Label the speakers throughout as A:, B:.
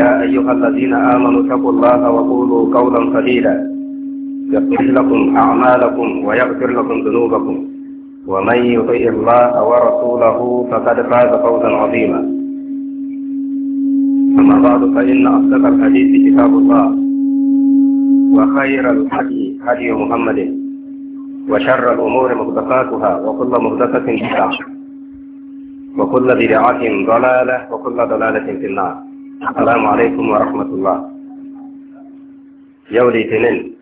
A: يا أيها الذين آمنوا اتقوا الله وقولوا قولا سديدا يغفر لكم أعمالكم ويغفر لكم ذنوبكم ومن يطع الله ورسوله فقد فاز فوزا عظيما أما بعد فإن أصدق الحديث كتاب الله وخير الحديث هدي محمد وشر الأمور مغدقاتها وكل مغدقه بدعة وكل بدعة ضلالة وكل ضلالة في النار السلام عليكم ورحمة الله يوم الاثنين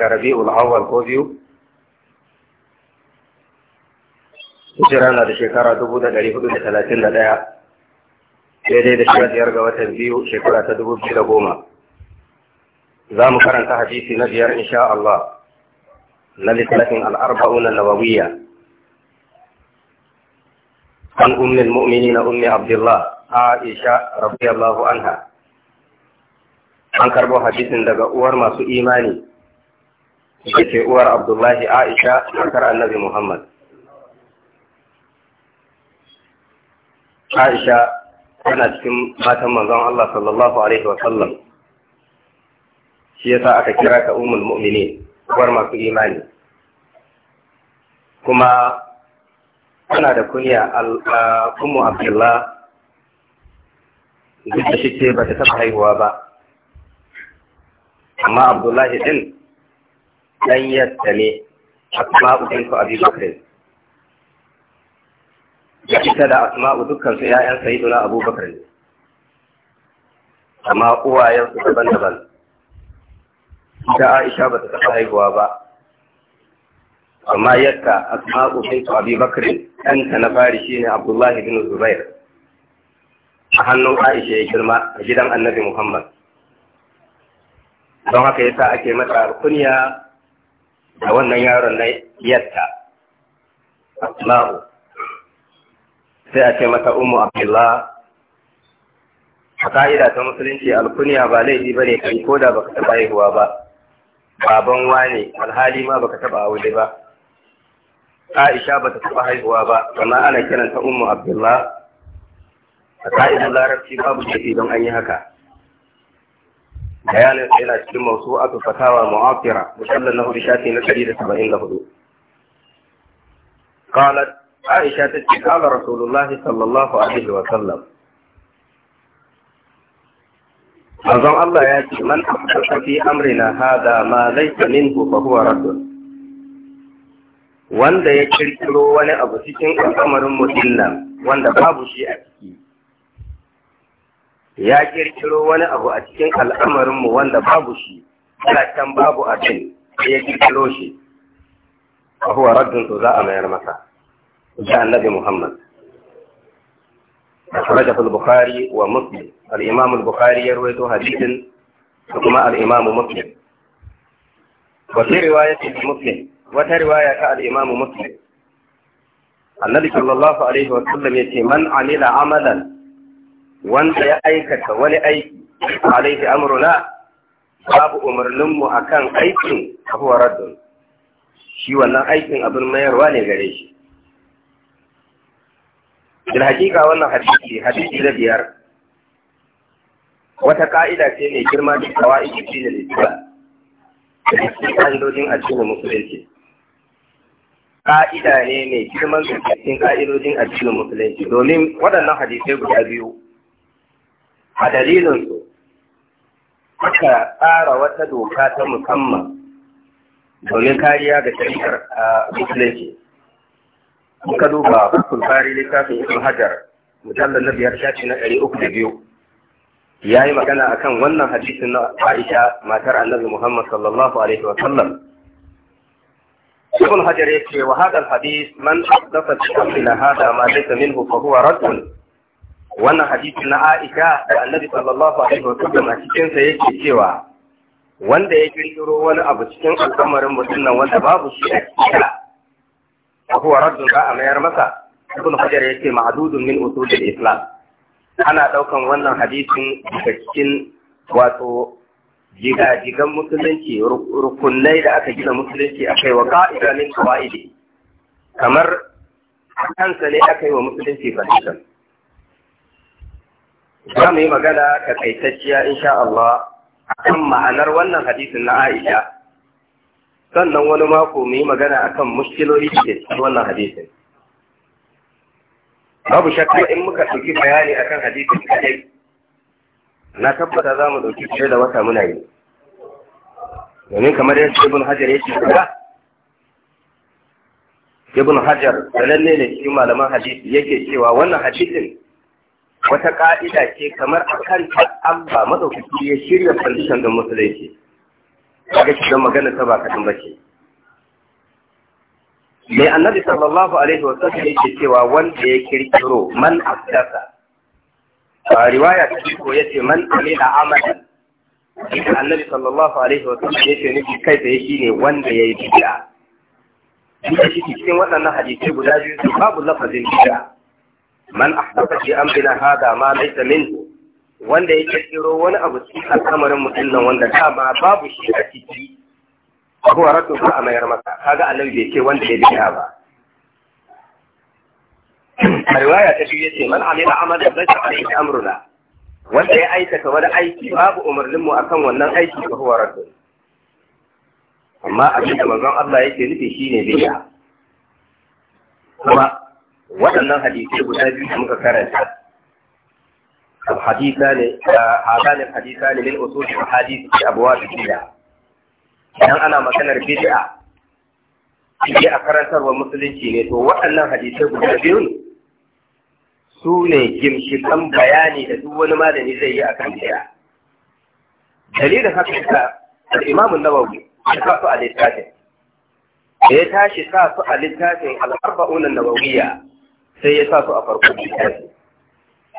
A: ربيع الأول كوبيو hijirana da shekara dubu da ɗari hudu da talatin da ɗaya daidai da sha biyar ga watan biyu shekara ta dubu biyu da goma za mu karanta hadisi na biyar insha Allah na littafin al'arba'una nawawiyya عن أم المؤمنين أم عبد الله عائشة رضي الله عنها an karbo hadisin daga uwar masu imani da ke uwar abdullahi aisha matar annabi muhammad aisha tana cikin matan manzon allah sallallahu alaihi wa sallam shi yasa aka kira ka umul mu'mini uwar masu imani kuma tana da kunya al'ummu abdullah duk da shike ba ta taba haihuwa ba amma abdullahi din dan yadda ne asma'u bintu abi bakr da ita da asma'u dukkan su ƴaƴan sayyiduna abubakar ne amma uwayen su daban-daban ita aisha ba ta taba haihuwa ba amma yadda asma'u bintu abi bakr ta na fari shine abdullahi bin zubair a hannun aisha ya girma a gidan annabi muhammad don haka yasa ake mata kunya da wannan yaron na yadda asma'u sai a ce mata ummu abdullah a ka'ida ta musulunci alkuniya ba laifi ba ne kai ko da baka taɓa haihuwa ba baban wane alhali ma baka taɓa aure ba عائشة بتتبهي وابا فما أنا كنان أم عبد الله أتائم الله ربشي بابو جيتي دون أي هكا إلى كل موسوعة فتاوى معاطرة مشمل له رشاتي نتريد سبعين له دو. قالت عائشة قال رسول الله صلى الله عليه وسلم أظن الله يأتي من أحدث في أمرنا هذا ما ليس منه فهو رسول wanda ya kirkiro wani abu cikin al'amarin mutum nan wanda babu shi a ciki ya kirkiro wani abu a cikin al'amarinmu wanda babu shi can babu abin da ya kirkiro shi a huwa raddin to za a mayar masa da annabi muhammad أخرجه البخاري ومسلم الإمام البخاري يروي حديث ثم الإمام مسلم وفي رواية مسلم wata riwaya ta al’imam imam Muslim Annabi sallallahu alaihi wa sallam yace man amila amalan wanda ya aikata wani aiki alaihi amruna babu umarnin mu akan aikin huwa raddun shi wannan aikin abin mayarwa ne gare shi bil hakika wannan hadisi hadisi da biyar wata ka'ida ce mai girma da kawai cikin da Islam da cikin ƙa'idodin addinin musulunci ka'ida ne mai girman cikin ka'idojin addinin musulunci domin waɗannan hadisai guda biyu a dalilin su aka tsara wata doka ta musamman domin kariya ga shari'ar musulunci muka duba hukun bari littafin ibn hajar mujallar na biyar shafi na ɗari uku da biyu ya yi magana akan wannan hadisin na aisha matar annabi muhammad sallallahu alaihi wa sallam ibn hajar ya ce wa hadal hadis man ahdatha fi amrina hada ma laysa minhu fa huwa raddun wannan hadisi na Aisha da Annabi sallallahu alaihi wasallam a cikin sa yake cewa wanda ya kirkiro wani abu cikin al'amarin mutum wanda babu shi a cikin fa huwa raddun za a mayar masa ibn hajar ya ce ma'dudun min usulil islam ana daukan wannan hadisin daga cikin wato Jiga-jigan musulunci rukunai da aka gina musulunci akai wa ka'ida min kawaidi kamar kansa ne aka yi wa musulunci fahimta za mu yi magana takaitacciya insha Allah akan ma'anar wannan hadisin na Aisha sannan wani mako mu yi magana akan muskiloli da cikin wannan hadisin babu shakka in muka ɗauki bayani akan hadisin kadai na tabbata za mu ɗauki fiye da wata muna yi domin kamar yadda ibn hajar ya ce kaga ibn hajar da lalle ne cikin malaman hadisi yake cewa wannan hadisin wata ka'ida ce kamar a kanta Allah madaukaki ya shirya condition da musulunci ga shi don magana ta ba kadan bace mai annabi sallallahu alaihi wasallam yake cewa wanda ya kirkiro man asdasa riwaya ta ko ce man amila amalan da annabi sallallahu alaihi wa sallam yace nufi kai tsaye ne wanda yayi bid'a duka shi cikin waɗannan hadisi guda biyu su babu lafazin bid'a man ahdatha fi amrina hada ma laysa minhu wanda yake tsiro wani abu cikin al'amarin mutum nan wanda dama babu shi a ciki ko ratu ko a mayar maka kaga annabi bai ce wanda ya bid'a ba a ta shi yace man amila amalan fara yi amruna wanda ya aikata wani aiki babu umarnin mu akan wannan aiki ba huwa raddu amma abin da manzon Allah yake nufi shine bid'a kuma waɗannan hadisai guda biyu da muka karanta الحديثان هذان الحديثان من اصول da في ابواب البدع idan ana maganar bid'a sai a karantarwar musulunci ne to waɗannan hadisai guda biyu su ne gimshikan bayani da duk wani malami zai yi a kan daya dalilin haka ka al-imam an-nawawi ya sa su a littafin da ya tashi sa su a littafin al-arba'un an-nawawiyya sai ya sa su a farko littafin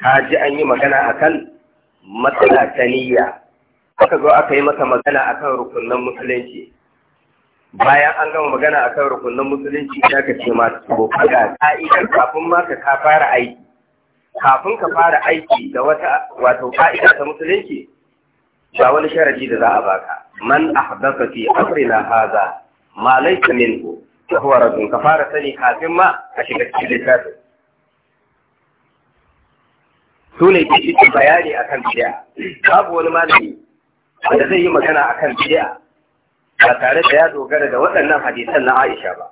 A: Ta ji an yi magana a kan matsala ta niyya aka zo aka yi masa magana akan rukunan musulunci bayan an gama magana akan rukunan musulunci ta ka ce ma ka kaga ka'idar kafin ma ka fara aiki kafin ka fara aiki da wata wato ka'ida ta musulunci ba wani sharadi da za a baka man ahdatha fi amrina hadha ma laysa minhu fa huwa radun ka fara sani kafin ma a shiga cikin littafin su ne ke cikin bayani akan bid'a babu wani malami wanda zai yi magana akan bid'a ba tare da ya dogara da waɗannan hadisan na Aisha ba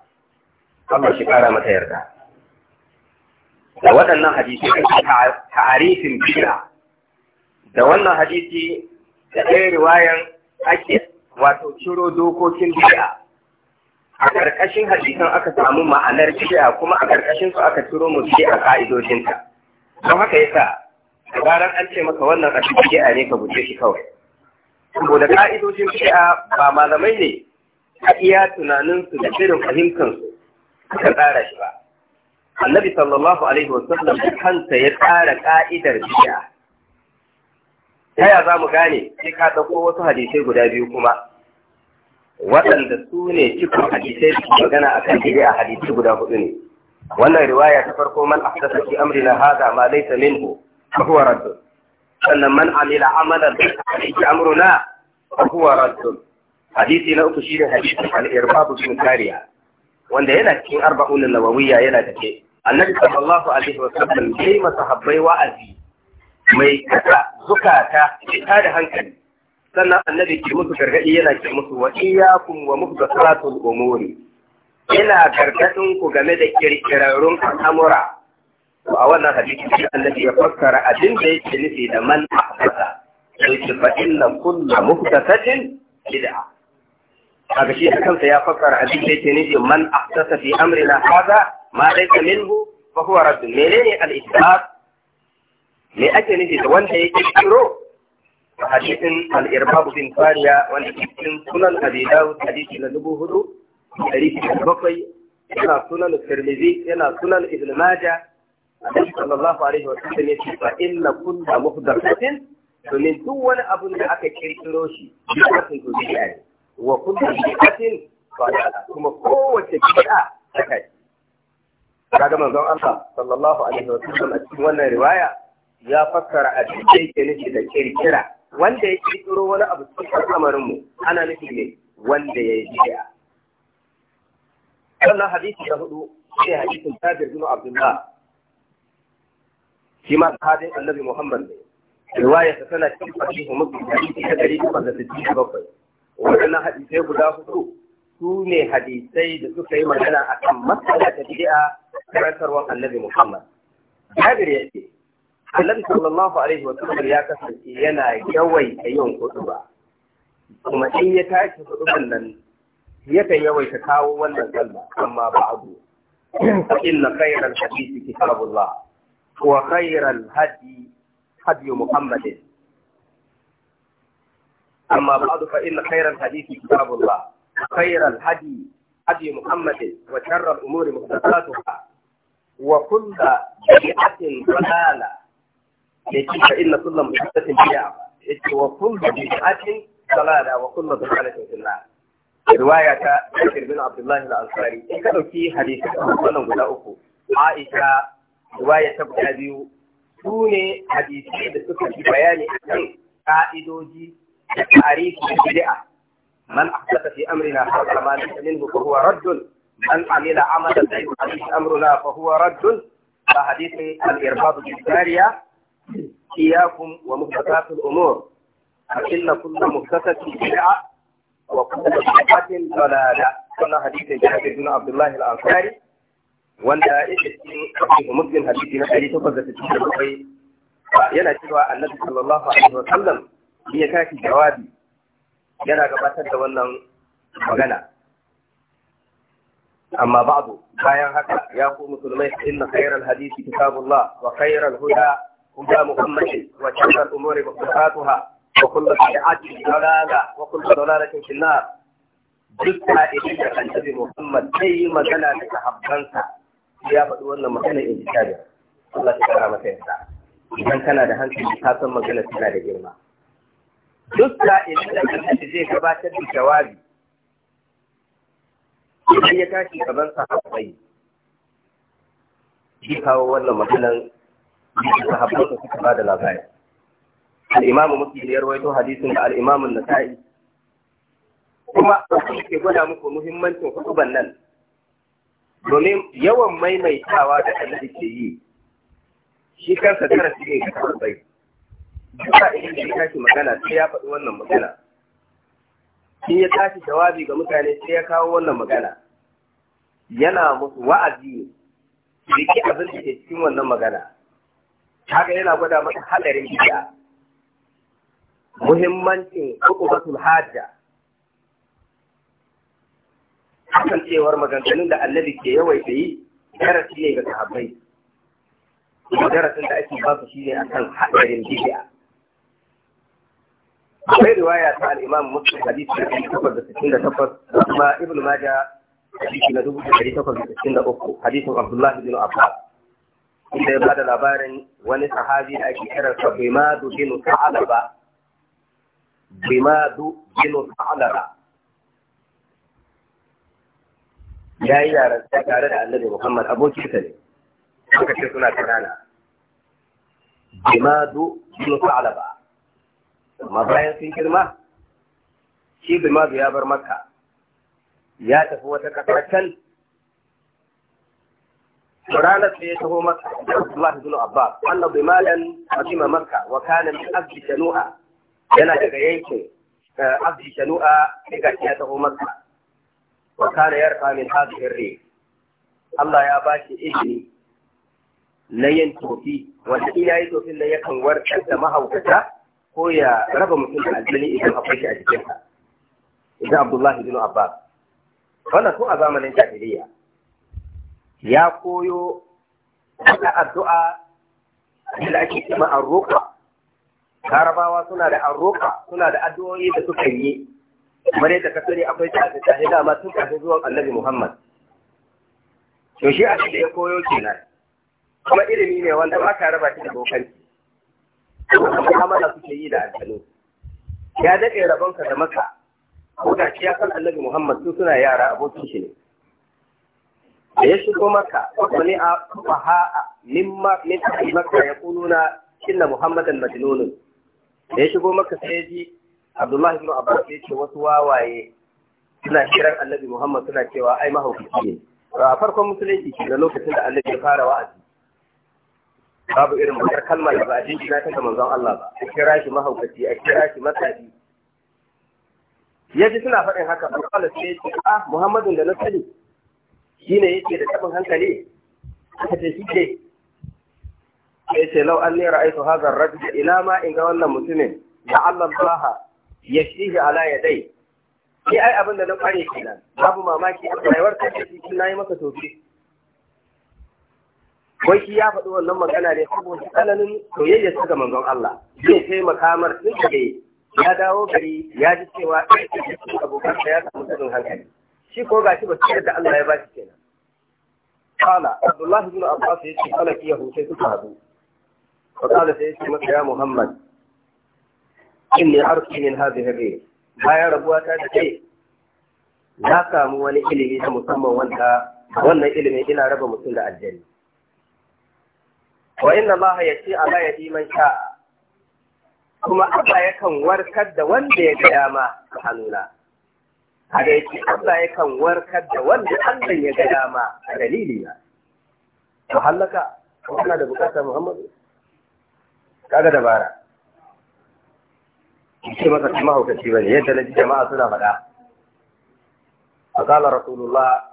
A: Allah shi kara mata yarda da waɗannan hadisi tarihin bid'a da wannan hadisi da ɗaya riwayan ake wato ciro dokokin bid'a a ƙarƙashin hadisan aka samu ma'anar bid'a kuma a ƙarƙashin su aka ciro mu a ƙa'idojinta don haka yasa da an ce maka wannan abin bid'a ne ka guje shi kawai saboda ka'idojin bid'a ba malamai ne a iya tunaninsu da irin fahimtansu aka tsara shi ba annabi sallallahu alaihi wasallam da kansa ya ƙara ƙa'idar bid'a ta ya za mu gane sai ka ɗauko wasu hadisai guda biyu kuma waɗanda su ne cikin hadisai da magana a kan bid'a hadisai guda hudu ne wannan riwaya ta farko man ahdasa fi amrina hada ma laysa minhu fa huwa radd sannan man amila amalan fi amruna fa huwa radd hadisi na uku shine hadisin al-irbab sun kariya wanda yana cikin arba'un nawawiyya yana take annabi sallallahu alaihi wa sallam yayi masahabbai wa'azi mai kasa zukata ta da hankali sannan annabi ke musu gargadi yana ke musu wa iyyakum wa muhdathatul umuri ina gargadin ku game da kirkirarrun al'amura a wannan hadisi shi annabi ya fassara abin da yake nufi da man ahdatha sai ce fa inna kullu muhdathatin bid'ah kaga shi da kansa ya fassara a da yake nufi man ahtasa fi amrina hadha ma laysa minhu fa huwa radd menene al-isbat me ake nufi da wanda yake kiro hadisin al-irbab bin fariya wanda cikin sunan abi dawud hadisi na dubu hudu dari bakwai yana sunan tirmidhi yana sunan ibn majah Annabi sallallahu alaihi wa sallam ya ce fa inna kullu muhdathatin domin duk wani abun da aka kirkiro shi bid'atun to bid'a ne wa kullu bid'atin dalala kuma kowace bid'a takai kaga manzon Allah sallallahu alaihi wa sallam a cikin wannan riwaya ya fassara abin da yake nufi da kirkira wanda ya kirkiro wani abu cikin al'amarin mu ana nufi ne wanda ya yi bid'a wannan hadisi da hudu sai hadisin Jabir bin Abdullah shi ma sahabin Annabi Muhammad ne riwaya ta tana cikin sahihu Muslim hadisi ta 167 waɗannan hadisai guda hudu su ne hadisai da suka yi magana a kan matsala ta bid'a karantarwar annabi Muhammad. Jabir ya ce, Annabi sallallahu alaihi wa sallam ya kasance yana yawaita yin kutuba. Kuma in ya tashi kutuban nan yakan yawaita kawo wannan sallah amma ba'du. Fa inna khayral hadisi kitabullah wa khayral hadi hadi Muhammadin أما بعد فإن خير الحديث كتاب الله خير الهدي هدي محمد وشر الأمور محدثاتها وكل بدعة ضلالة يجي فإن كل محدثة بدعة وكل بدعة ضلالة وكل ضلالة في النار رواية بكر بن عبد الله الأنصاري كانوا في حديث سنة guda uku Aisha riwaya ta guda biyu su ne hadisai da suka yi bayani akan ka'idoji تعريف البدعة من أحدث في أمرنا هذا ما ليس منه فهو رد من عمل عملا ليس عليه أمرنا فهو رد فحديث الإرباط بالجارية إياكم ومحدثات الأمور فإن كل محدثة بدعة وكل بدعة ضلالة كنا حديث جابر بن عبد الله الأنصاري wanda yake cikin muslim hadisi na 867 yana cewa annabi sallallahu alaihi wa sallam ya kashi jawabi yana gabatar da wannan magana
B: amma ba'du
A: bayan haka ya ku musulmai inna khayral hadisi kitabullah wa khayral huda huda muhammadin wa sharral umuri muhdathatuha wa kullu bid'atin dalalah wa kullu dalalatin fi an-nar duk ka'idin da annabi muhammad sai magana da sahabbansa ya faɗi wannan magana in ji Allah ta kara masa yarda idan kana da hankali ka san magana tana da girma duk sa'ilin da annabi zai gabatar da jawabi idan ya tashi gaban sahabbai shi kawo wannan maganan sahabbai da suka bada labari al-imam muslim ya rawaito hadisin da al-imam an-nasa'i kuma ke gwada muku muhimmancin hutuban nan domin yawan maimaitawa da annabi ke yi shi kansa darasi ne ga sahabbai duka idan ya tashi magana sai ya faɗi wannan magana in ya tashi jawabi ga mutane sai ya kawo wannan magana yana musu wa'azi ne riki abin da ke cikin wannan magana haka yana gwada mata haɗarin gida muhimmancin hukumatul hajja kasancewar maganganun da annabi ke yawaita yi darasi ne ga sahabbai darasin da ake ba su shine akan haɗarin bid'a akwai riwaya ta al-Imam da hadisi na 868 kuma Ibn Maja hadisi na dubu takwas da da sittin 1863 hadisin Abdullahi bin Abbas inda ya bada labarin wani sahabi da ake kiran sa Bimadu bin Sa'alaba Bimadu bin Sa'alaba ya yi yaran tare da Annabi Muhammad abokinsa ne suka ce suna kanana Bimadu bin Sa'alaba amma bayan sun girma shi Bimazu ya bar maka. ya tafi wata kasarcan can ranar da ya taho maka? da Abdullahi bin Abbas Allah bai malan Fatima maka wa kana min abdi shanu'a yana daga yankin eh, abdi shanu'a sai ga ya taho maka. wa kana yarqa min haɗu ar Allah ya bashi izini na yin tofi wanda in yayi tofin nan yakan warkar da mahaukata ko ya raba mutum da aljini idan akwai shi a jikinsa idan abdullahi bin abbas wanda tun a zamanin jahiliya ya koyo da addu'a da ake an roƙa. Karabawa suna da roƙa suna da addu'o'i da suka yi kamar yadda ka sani akwai ta jahiliya ma tun kafin zuwan annabi muhammad to shi a cikin ya koyo kenan kuma ilimi ne wanda ba ka raba shi da bokanci mu'amala kuke yi da aljanu ya daɗe rabonka da maka ko da shi ya san annabi Muhammad su suna yara abokin shi ne da ya shigo maka ko ne a faha mimma min ahli maka ya kuluna inna muhammadan majnunun da ya shigo maka sai ji Abdullahi ibn Abbas ya ce wasu wawaye suna kiran annabi Muhammad suna cewa ai mahaukaci ne a farkon musulunci da lokacin da annabi ya fara wa'azi babu irin bakar kalmar da ba a jinjina ta kamar manzon Allah ba a kira shi mahaukaci a kira shi matsafi yaji suna faɗin haka ba kwallo sai ya ce ah Muhammadun da na sani ne yake da tabin hankali aka ce shi ke. ya ce lau an nera ra'aitu hazar ma in ga wannan mutumin da Allah ya shi ala ya dai ai abin da na kware kenan babu mamaki a rayuwar ta ce shi nayi masa tofi wai shi ya faɗi wannan magana ne saboda tsananin soyayya ta ga manzon Allah zai taimaka mar tun da ya dawo gari ya ji cewa abokan ya samu tsarin hankali shi ko gashi ba su da Allah ya shi kenan qala abdullahi bin Abbas yace ki yahu sai suka hadu fa qala sai yace masa ya Muhammad inni arfi min hadhihi ghayr bayan rabuwa ta ce kai na samu wani ilimi ta musamman wanda wannan ilimin ina raba mutum da aljanna wa inna Allah ya ce a ya man sha kuma Allah yakan warkar da wanda ya gaya ma da hannuna a da yake Allah yakan warkar da wanda Allah ya gaya ma a dalili na to hallaka kana da bukata Muhammadu kaga dabara ce masa kuma ba bane yadda na ji jama'a suna faɗa a kala rasulullah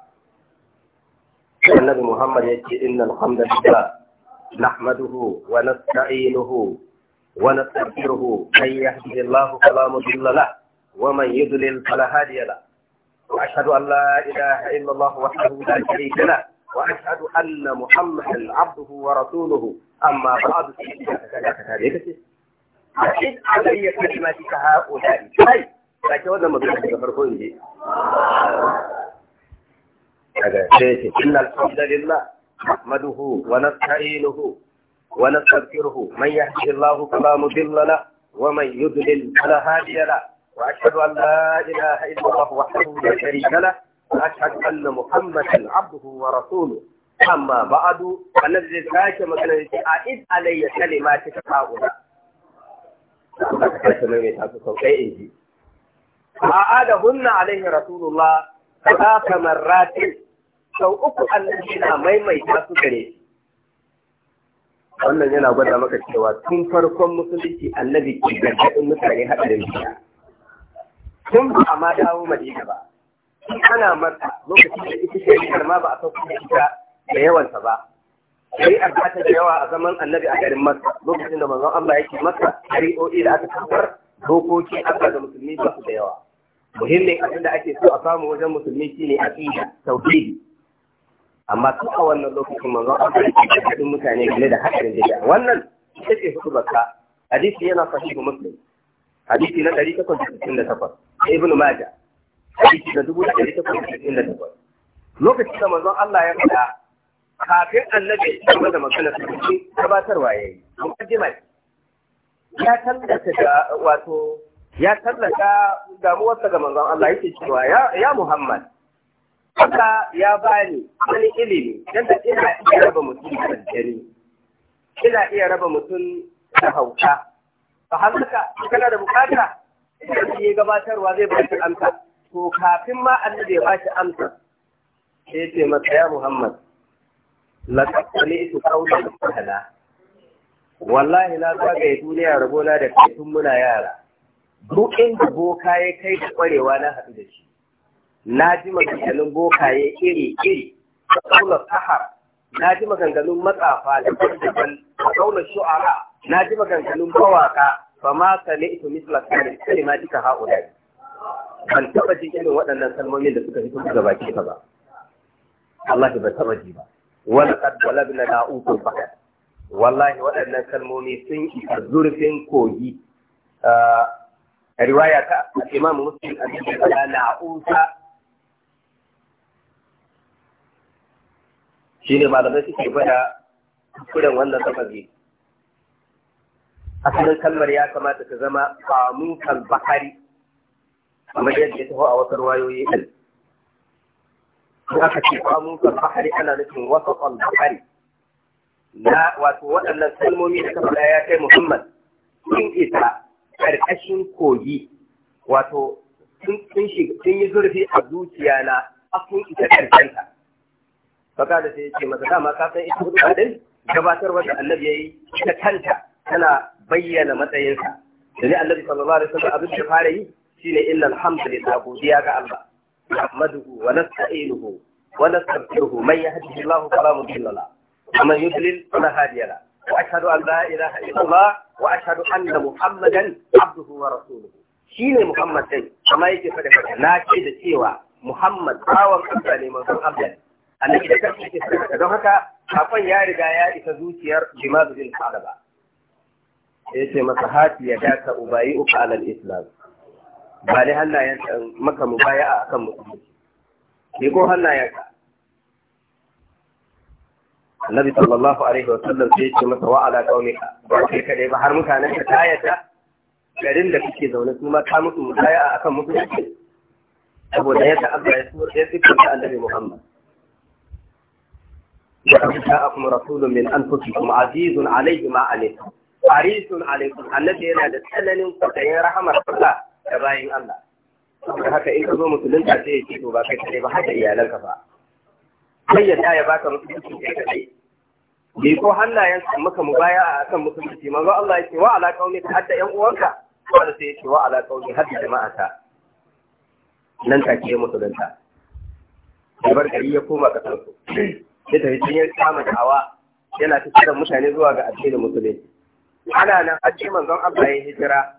A: annabi muhammad ya ce inna alhamdulillah نحمده ونستعينه ونستغفره من يهده الله فلا مضل له ومن يضلل فلا هادي له واشهد ان لا اله الا الله وحده لا شريك له واشهد ان محمدا عبده ورسوله اما بعد فإن علي كلمتك هؤلاء أي لكن هذا مدرسة فرقون دي
B: هذا شيء إن
A: الحمد لله نحمده ونستعينه ونستغفره من يهده الله فلا مضل له ومن يضلل فلا هادي له واشهد ان لا اله الا الله وحده لا شريك له واشهد ان محمدا عبده ورسوله اما بعد الذي zai sake magana ya ce a id alayya kalima ta ta'awuna Allah ka kace mai ta su kai in ji a adahunna alayhi rasulullah ta kamar ratin sau uku Allah yana maimaita su gare wannan yana gwada maka cewa tun farkon musulunci annabi ke gargaɗin mutane haɗarin biya tun ba a ma dawo madina ba ana mata lokacin da ita shari'ar ma ba a sauƙi da ita da yawansa ba Sai a ta da yawa a zaman annabi a garin masa lokacin da manzon Allah yake masa shari'o'i da aka kafar dokoki Allah da musulmi ba su da yawa muhimmin abin da ake so a samu wajen musulmi shine aqida tauhidi amma tun a wannan lokacin manzon Allah ya ce kadin mutane game da hadarin bid'a wannan ita ce hutubarsa hadisi yana sahihu muslim hadisi na ɗari takwas da da 868 Ibn majah hadisi na ɗari takwas da da takwas. lokacin da manzon Allah ya faɗa kafin annabi ya da magana su cikin gabatarwa yayi mukaddima ya tallata da wato ya tallata damuwarsa ga manzon Allah yake cewa ya Muhammad Haka ya bani wani ilimi yadda ina iya raba mutum da dare ina iya raba mutum da hauka ba haka kana da bukata idan yi gabatarwa zai bashi amsa to kafin ma annabi ya ba shi amsa sai ce masa ya Muhammad laqad sami'tu da sahala
B: wallahi na zagaye
A: duniya rabona da kai tun muna yara duk inda boka ya kai da kwarewa na haɗu da shi na ji maganganun bokaye iri-iri da ƙaunar sahar na ji maganganun matsafa da daban da ƙaunar shu'ara na ji maganganun kawaka, ba ma ne ito misla kare kare ma duka ha'ula ban taɓa jin irin waɗannan kalmomin da suka fito daga baki ka ba Allah ba taɓa ji ba wani kadwala bin na'utun fakat wallahi waɗannan kalmomi sun isa zurfin kogi ah, riwaya ta imam muslim a cikin na'usa shi ne malamai suke gwada kudin wannan a asalin kalmar ya kamata ta zama kamukan bahari kamar yadda ya taho a wasu ruwayoyi ɗin in aka ce kamukan kalbahari ana nufin wasu kalbahari na wato waɗannan kalmomi da kafa ya kai muhammad sun isa ƙarƙashin kogi wato sun yi zurfi a zuciya na a sun isa ƙarshenta fakada sai ce masa dama ka san ita hudu dai gabatarwar da annabi yayi ita kanta tana bayyana matsayinsa da ne annabi sallallahu alaihi wasallam abin da fara yi shine inna alhamdulillah godiya ga Allah nahmaduhu wa nasta'inuhu wa nastaghfiruhu man yahdihillahu fala mudilla lahu wa man yudlil fala hadiya lahu wa ashhadu an la ilaha illallah wa ashhadu anna muhammadan abduhu wa rasuluhu shine muhammad dai amma yake fada fada na ce da cewa muhammad bawan Allah ne manzon Allah annabi da kansa yake faɗa don haka sakon ya riga ya isa zuciyar Jimaz bin Halaba ya ce masa hati ya daka ubayi uka alal islam ba dai hannayen maka mubaya a kan musulunci ke ko hannayen ka annabi sallallahu alaihi wasallam sai ce masa wa ala qaumika ba kai kadai ba har mutanen ka tayata garin da kuke zaune su ma ka musu mubaya a kan musulunci saboda yadda Allah ya so ya sifanta annabi Muhammad لقد جاءكم رسول من أنفسكم عزيز عليه ما عليكم حريص عليكم النبي yana da tsananin kwadayin rahamar Allah da bayin Allah saboda haka in zo musulunta sai ya ce to ba kai ba haka iyalanka ba sai ya ya baka musulunci kai kare bai ko hannayen sa maka mubaya a kan musulunci manzo Allah ya ce wa ala qaumi hatta yan uwanka wanda sai ya ce wa ala qaumi hatta jama'ata nan take musulunta bar gari ya koma kasansu da tafi ya kama dawa yana tattara mutane zuwa ga addinin musulunci ana nan ce manzon Allah ya hijira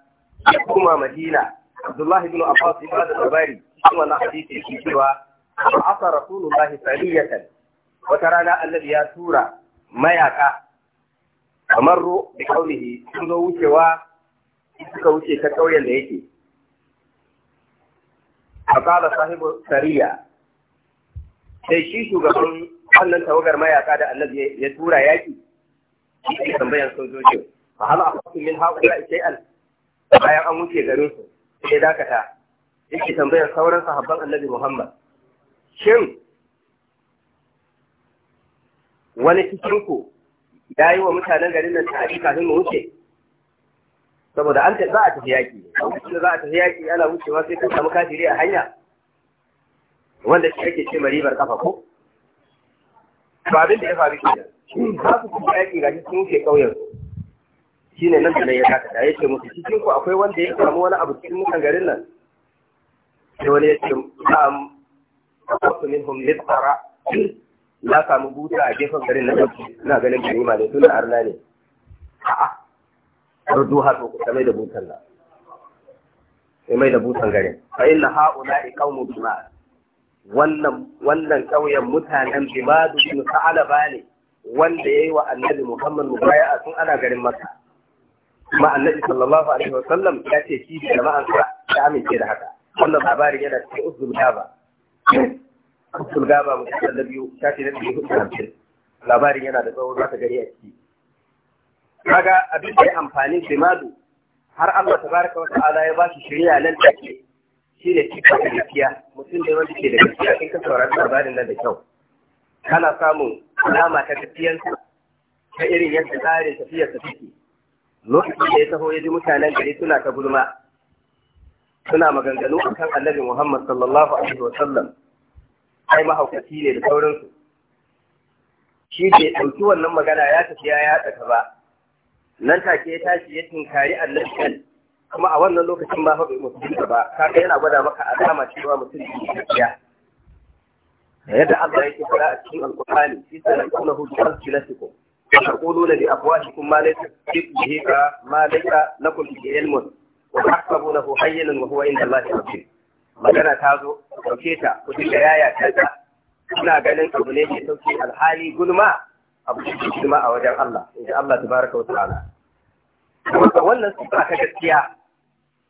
A: a kuma Madina Abdullahi ibn Abbas ya da labari cikin wannan hadisi yake cewa asa Rasulullahi saliyatan wata rana annabi ya tura mayaka kamar ro da kaunihi sun zo wucewa suka wuce ta kauyen da yake فقال صاحب tsariya. sai shi shugaban wannan tawagar mayaka da annabi ya tura yaki shi ke tambayan sojoji fa hal akhtu min haula shay'an bayan an wuce garin su sai dakata yake tambayar sauran sahabban annabi Muhammad shin wani cikin ku ya yi wa mutanen garin nan tari kafin mu wuce saboda an za a tafi yaki a wuce za a tafi yaki ana wucewa sai ka samu kafiri a hanya wanda shi ake ce ribar kafa ko Babinda abin da ya faru ke da za su kuma yaƙi ga shi sun ke ƙauyen shi ne nan da nan ya kata da ya ce musu cikin ku akwai wanda ya samu wani abu cikin mutan garin nan sai wani ya ce na'am wasu min hum litsara na samu buta a gefen garin na ɗauki ina ganin ganima ne tun da arna ne a'a rudu hato ku mai da butan nan sai mai da butan garin fa inna ha'ula'i qaumun bima wannan wannan ƙauyen mutanen Bimadu bin Sa'alaba ne wanda yayi wa Annabi Muhammad a tun ana garin Makka kuma Annabi sallallahu alaihi wasallam ya ce shi da jama'an ya amince da haka wannan labarin yana cikin Uzzul Gaba Uzzul Gaba mutum da biyu shafi na biyu hamsin labarin yana da tsawon za ta gari a ciki kaga abin da ya amfani Bimadu har Allah tabaraka wa ta'ala ya ba shi shari'a nan take shi ne cika da gaskiya mutum da wanda ke da gaskiya in ka saurari labarin nan da kyau kana samun alama ta tafiyarsa ta irin yadda tsarin tafiyarsa take lokacin da ya taho ya ji mutanen gari suna ta gulma suna maganganu a kan annabi Muhammad sallallahu alaihi wa sallam ai mahaukaci ne da sauransu shi bai ɗauki wannan magana ya tafiya ya yaɗa ba nan take ya tashi ya tinkari annabi kuma a wannan lokacin ba bai musulunta ba kaga yana gwada maka alama cewa mutum ne gaskiya yadda Allah yake fara a cikin alqur'ani fi sanakunahu bi alsilatikum تقولون لأفواهكم ما ليس به ما ليس لكم به علم وتحسبونه هينا وهو عند الله عظيم magana ta zo ɗauke ta ku ji yaya ta ta. ina ganin abu ne mai sauki alhali gulma abu shi gulma a wajen Allah in ji Allah tabaraka wa ta'ala wannan sifa ta gaskiya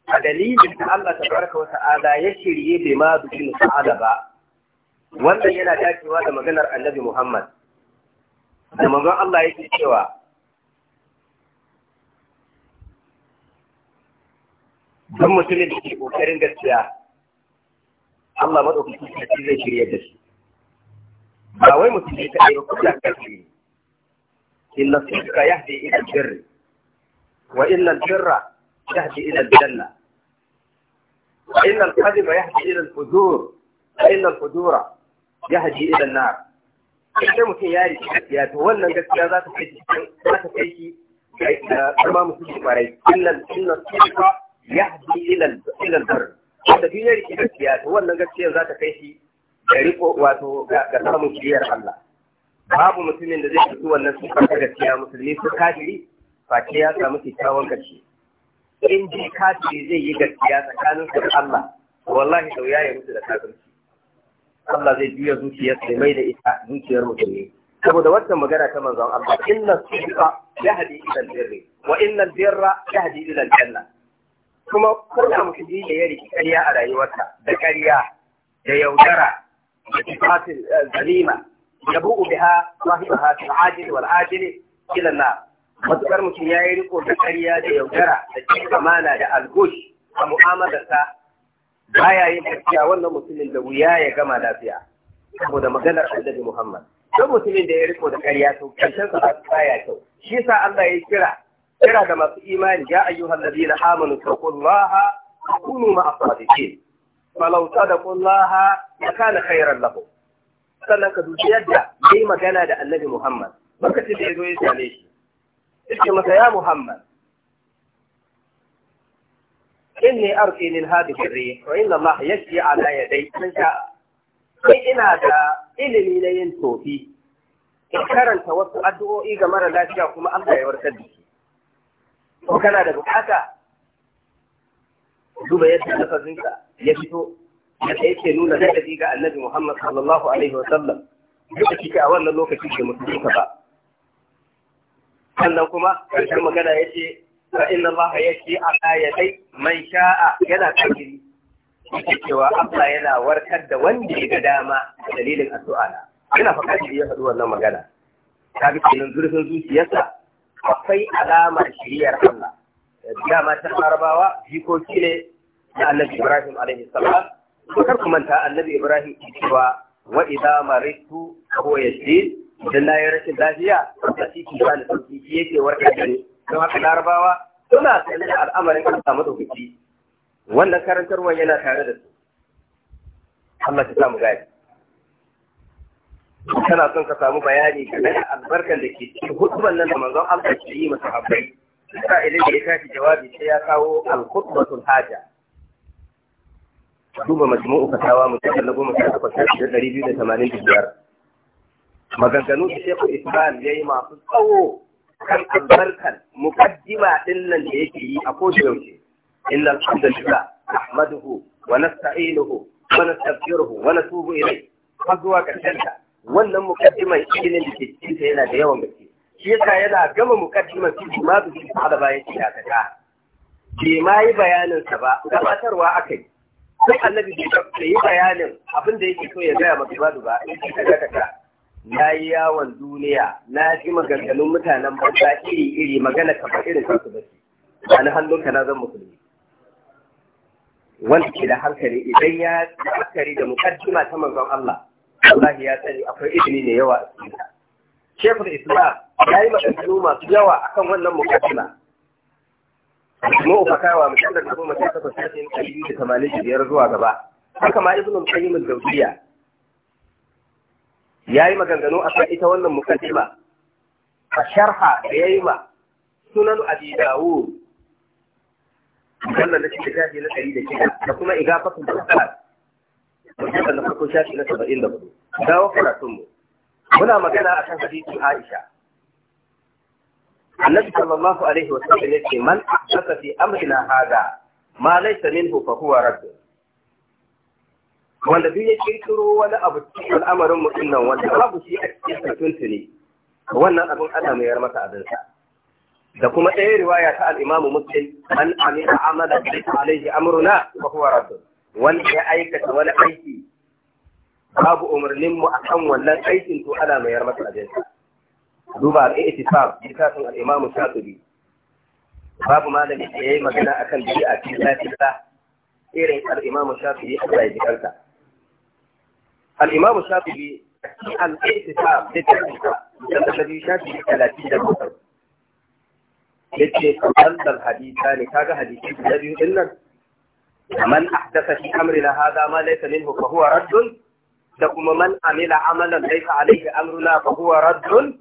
A: a dalilin da Allah baraka wa ta'ala ya shirye bai ma bikin sa'ada ba wannan yana dacewa da maganar Annabi Muhammad da manzon Allah yake cewa don mutumin da ke ƙoƙarin gaskiya Allah maɗaukaki sarki zai shirya da shi ba wai mutum ne kaɗai ba kuma ƙarfi inna sirka yahdi ila birri wa inna birra يهدي إلى الجنة وإن الكذب يهدي sai mutum ya yi gaskiya to wannan gaskiya za kai shi za ta kai shi kuma mutum kwarai illal illal sirka ilal ilal bar wanda duk ya riki gaskiya to wannan gaskiya za kai shi ga riko wato ga samun Allah babu mutumin da zai fito wannan sifar ta gaskiya musulmi ko kafiri face ya samu kyakkyawan gaskiya in ji kafiri zai yi gaskiya tsakanin da Allah wallahi sau ya mutu da kafirci Allah zai juya zuciyar sai mai da ita zuciyar musulmi saboda wannan magana ta manzon Allah inna sirra yahdi ila al-birri wa inna al-birra yahdi ila al-janna kuma kowa musulmi da ya riki ƙarya a rayuwarsa da ƙarya da yaudara da sifatin eh, zalima yabu'u biha sahibaha fil ajil wal ajil ila an-nar matukar mutum ya yi riko da ƙarya da yaudara da cin amana da algush a mu'amalarsa ya yin gaskiya wannan mutumin da wuya ya gama lafiya saboda maganar annabi Muhammad don mutumin da ya riko da ƙarya to karshen sa baya kyau shi yasa Allah ya kira kira da masu imani ya ayyuhal ladina amanu taqullaha wa kunu ma'as sadiqin falau sadaqullaha kana khairan lahum sannan ka dubi yadda yayi magana da annabi Muhammad lokacin da ya zo ya same shi yake masa ya Muhammad inni arqi min hadhihi ar-rih wa inna Allah yashfi ala yaday man sai ina da ilimi na yin tofi in karanta wasu addu'o'i ga mara lafiya kuma an ya warkar da shi ko kana da bukata duba yadda lafazinka ya fito yadda yake nuna ladabi ga Annabi Muhammad sallallahu alaihi wa sallam duk da kike a wannan lokaci ke musulunta ba sannan kuma ƙarshen magana ya ce fa inna Allah ya ce a ƙayyadai man sha'a yana ƙarfi yake cewa Allah yana warkar da wanda ya ga dama dalilin addu'a ina fa kashi ya faɗi wannan magana ta bi kenan zurfin zuciyarsa akwai alamar shiriyar Allah dama ta larabawa jikoki ne na annabi Ibrahim alaihi salam kar ku manta annabi Ibrahim cewa wa idza maritu huwa idan na yi rashin lafiya a ciki ba da sauki shi yake warkar da ni don haka larabawa suna sanin al'amarin kan samu daukaci wannan karantarwa yana tare da su Allah ta samu gani kana son ka samu bayani game da albarkar da ke cikin hutuban nan da manzon Allah ke yi masa habbai sa idan da ya tashi jawabi sai ya kawo al-khutbatul haja duba majmu'u fatawa na goma sha takwas da ɗari biyu da tamanin da biyar maganganu da shekul islam ya yi masu tsawo kan albarkan mukaddima din nan da yake yi a koda yaushe inna alhamdulillah nahmaduhu wa nasta'inuhu wa nastaghfiruhu wa natubu ilayh har zuwa karshen ta wannan mukaddimar ilimin da ke cikin ta yana da yawan gaske shi yasa yana gama mukaddimar su ma su ci da bayan shi ya ta bai ma yi bayanin sa ba gabatarwa aka yi sai annabi bai yi bayanin abin da yake so ya gaya maka ba ba in ka ta ta na yi yawon duniya na fi maganganun mutanen banza iri iri magana kamar irin kansu ba ce ba na hannunka na zan musulmi wanda ke da hankali idan ya hankali da mukaddima ta manzon Allah wallahi ya sani akwai izini ne yawa a cikin ta shekul islam ya yi maganganu masu yawa akan wannan mukaddima mu ufakawa mujallar goma sha takwas sashen ɗari da tamanin da zuwa gaba haka ma ibnu qayyim al-jawziyya ya yi maganganu a kan ita wannan mukaddima a sharha da ya yi ma sunan abi dawo wannan da shi shafi na ɗari da shida da kuma igafatun da kasar musamman na farko shafi na saba'in da hudu dawo karatunmu muna magana a kan hadisin aisha annabi sallallahu alaihi wasallam ya ce man aka fi amrina hada ma laysa minhu fa huwa rabbun wanda zai ya kirkiro wani abu cikin al'amarin mutum nan wanda babu shi a cikin tuntuni wannan abin ana mayar masa abinsa da kuma ɗaya riwaya ta al'imamu muslim an a amala da alaihi amruna wa huwa raddun wanda ya aikata wani aiki babu umarnin mu akan wannan aikin to ana mayar masa abinsa duba al-i'tisab littafin al-imamu shatibi babu malami da yayi magana akan bid'a cikin lafiya irin al-imamu shatibi Allah ya ji kanka الإمام الشافعي الاعتصام للتعليم الذي شاف في 30 دقيقة يجي تمرد الحديث ثاني كاغا حديث الذي يقول لك من أحدث في أمرنا هذا ما ليس منه فهو رد تقوم من عمل عملا ليس عليه أمرنا فهو رد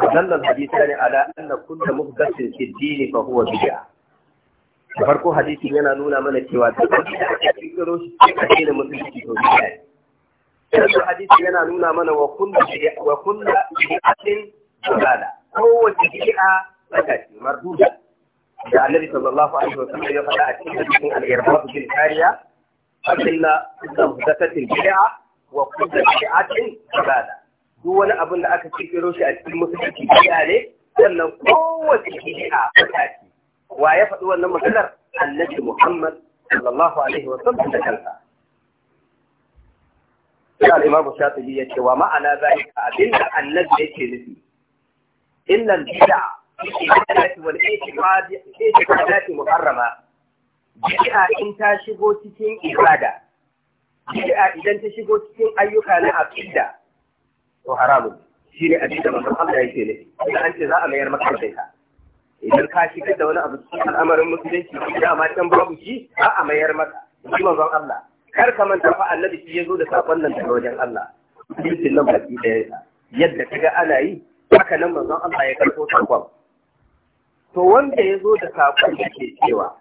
A: فدل الحديث على أن كل مهدث في الدين فهو بدعة da farko hadisi yana nuna mana cewa duk da aka kirkiro shi a cikin musulunci to ne yanzu hadisi yana nuna mana wa kullu wa kullu bi'atin dalala kowace bid'a saka ce marduda da Annabi sallallahu alaihi wa sallam ya faɗa a cikin hadisin al-irbad bil kariya da muhdathatil bid'a wa kullu bi'atin dalala duk wani abin da aka kirkiro shi a cikin musulunci bid'a ne sannan kowace bid'a saka ce wa ya faɗi wannan maganar annabi Muhammad sallallahu alaihi wa sallam da kansa sai al-imam Shafi'i yace wa ma'ana zalika abinda annabi yake nufi illa bid'a ibadati wal i'tiqadi fi muharrama bid'a in ta shigo cikin ibada bid'a idan ta shigo cikin ayyuka na aqida to haramun shine abinda manzon Allah yake nufi idan an ce za a mayar maka da idan ka shigar da wani abu cikin al'amarin musulunci ma can babu shi ba a mayar maka shi manzon Allah kar ka manta fa annabi shi yazo da sakon nan daga wajen Allah musulunci nan baki daya yadda kaga ana yi haka nan manzon Allah ya karɓo sakon to wanda yazo da sakon yake cewa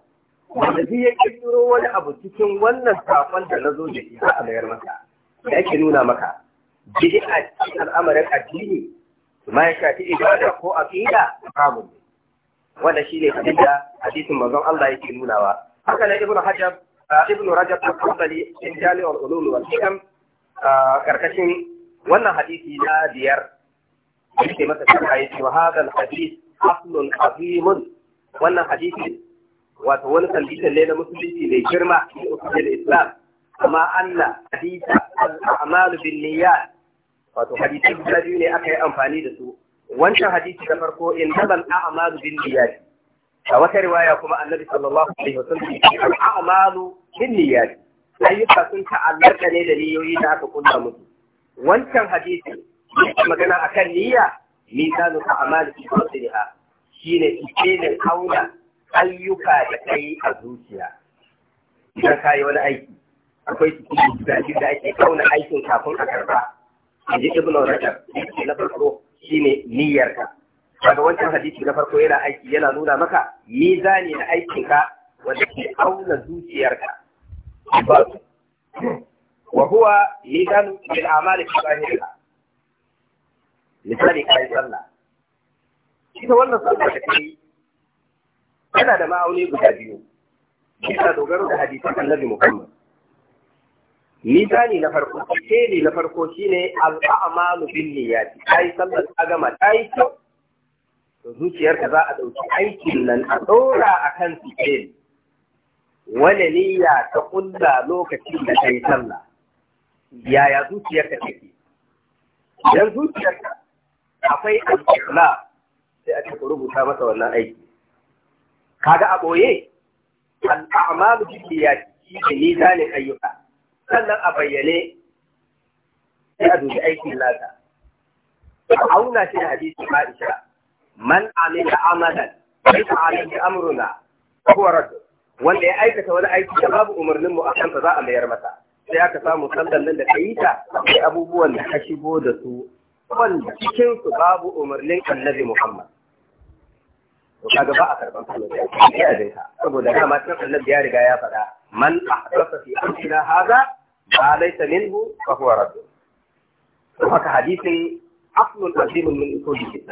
A: wanda zai ya kirkiro wani abu cikin wannan sakon da nazo da shi a mayar maka da yake nuna maka bid'a cikin al'amarin addini ma ya shafi ibada ko aqida haramun ne wanda shine abin da hadisin manzon Allah yake nunawa haka ne ibnu hajar ah, Ibn rajab al-hanbali in Jami'ar, ulum wal hikam ah, karkashin wannan hadisi na biyar yake masa cewa yace wa hadal hadith aslun azimun wannan hadisi wato wani condition ne na musulunci mai girma ne usulul islam amma anna hadisa amalu bin niyyat wato hadisi guda biyu ne aka yi amfani da su wancan hadisi da farko innamal a'malu bin niyyati a wata riwaya kuma annabi sallallahu alaihi wasallam al a'malu bin niyyati ayyuka sun ta'allaka ne da niyoyi da aka kunna musu wancan hadisi magana akan niyya mizanu a'malu fi sadriha shine ne kauna ayyuka da kai a zuciya idan ka yi wani aiki akwai cikin da ake kauna aikin kafin a karba a ji ibnu rajab na farko shine niyyarka daga wancan hadisi na farko yana aiki yana nuna maka mizani na aikinka wanda ke auna zuciyarka wa huwa mizan bil amali fi zahiriha misali kai sallah ita wannan sallah da kai yana da ma'auni guda biyu bisa dogaro da hadisan Annabi Muhammad mizani na farko keli na farko ne al'amalu bin ta yi sallar ta gama ta yi kyau Da zuciyarka za a ɗauki aikin nan a ɗora a kan sikeli wani niyya ta ƙulla lokacin da ta yi sallah yaya zuciyarka ke? idan zuciyarka akwai alƙibla sai a cikin rubuta masa wannan aiki kaga a ɓoye al'amalu bin niyyati shi ne mizanin ayyuka sannan a bayyane sai a dubi aikin nasa a auna shi da hadisi Aisha man amila amalan laysa alayhi amruna huwa radd wanda ya aikata wani aiki da babu umarnin mu akan za a mayar masa sai aka samu sallan nan da kai ta sai abubuwan da ka shigo da su wanda cikin su babu umarnin Annabi Muhammad to kaga ba a karban sallan sai a dinka saboda dama cikin Annabi ya riga ya faɗa man ahdatha fi amrina haza. ma laysa minhu fa huwa hadisin aslun azimun min usuli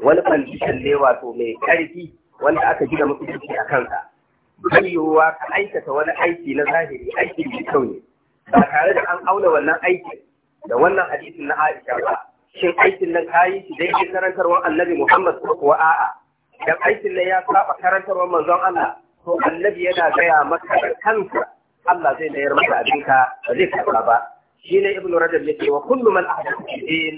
A: wani condition wato mai karfi wanda aka gina mutunci a kansa bai yiwuwa ka aikata wani aiki na zahiri aiki mai kyau ne ba tare da an auna wannan aikin da wannan hadisin na Aisha ba shin aikin nan kayi shi daidai karantarwar annabi Muhammad ko kuwa a'a dan aikin nan ya saba karantarwar manzon Allah to annabi yana gaya maka da kansa Allah zai mayar maka abinka ba zai karɓa ba shi ne ibnu rajab yake wa kullu man ahdatha fi din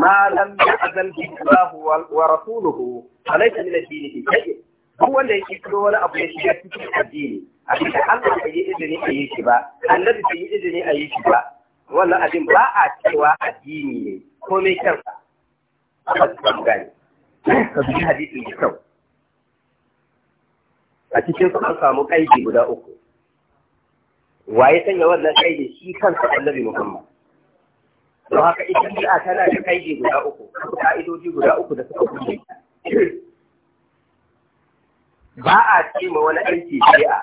A: ma lam ya'zan bi Allah wa rasuluhu alaysa min ad-din fi shay'in duk wanda yake kiro wani abu ya shiga cikin addini a cikin Allah bai yi izini a yi shi ba annabi bai yi izini a yi shi ba wannan abin ba a cewa addini ne komai kansa a cikin gani ka bi hadisin kyau a cikin su an samu kaidi guda uku waye sanya wannan kaidi shi kansa annabi Muhammad don haka ita bid'a tana da kaidi guda uku ka'idoji guda uku da suka kulle ba a cewa wani aiki bid'a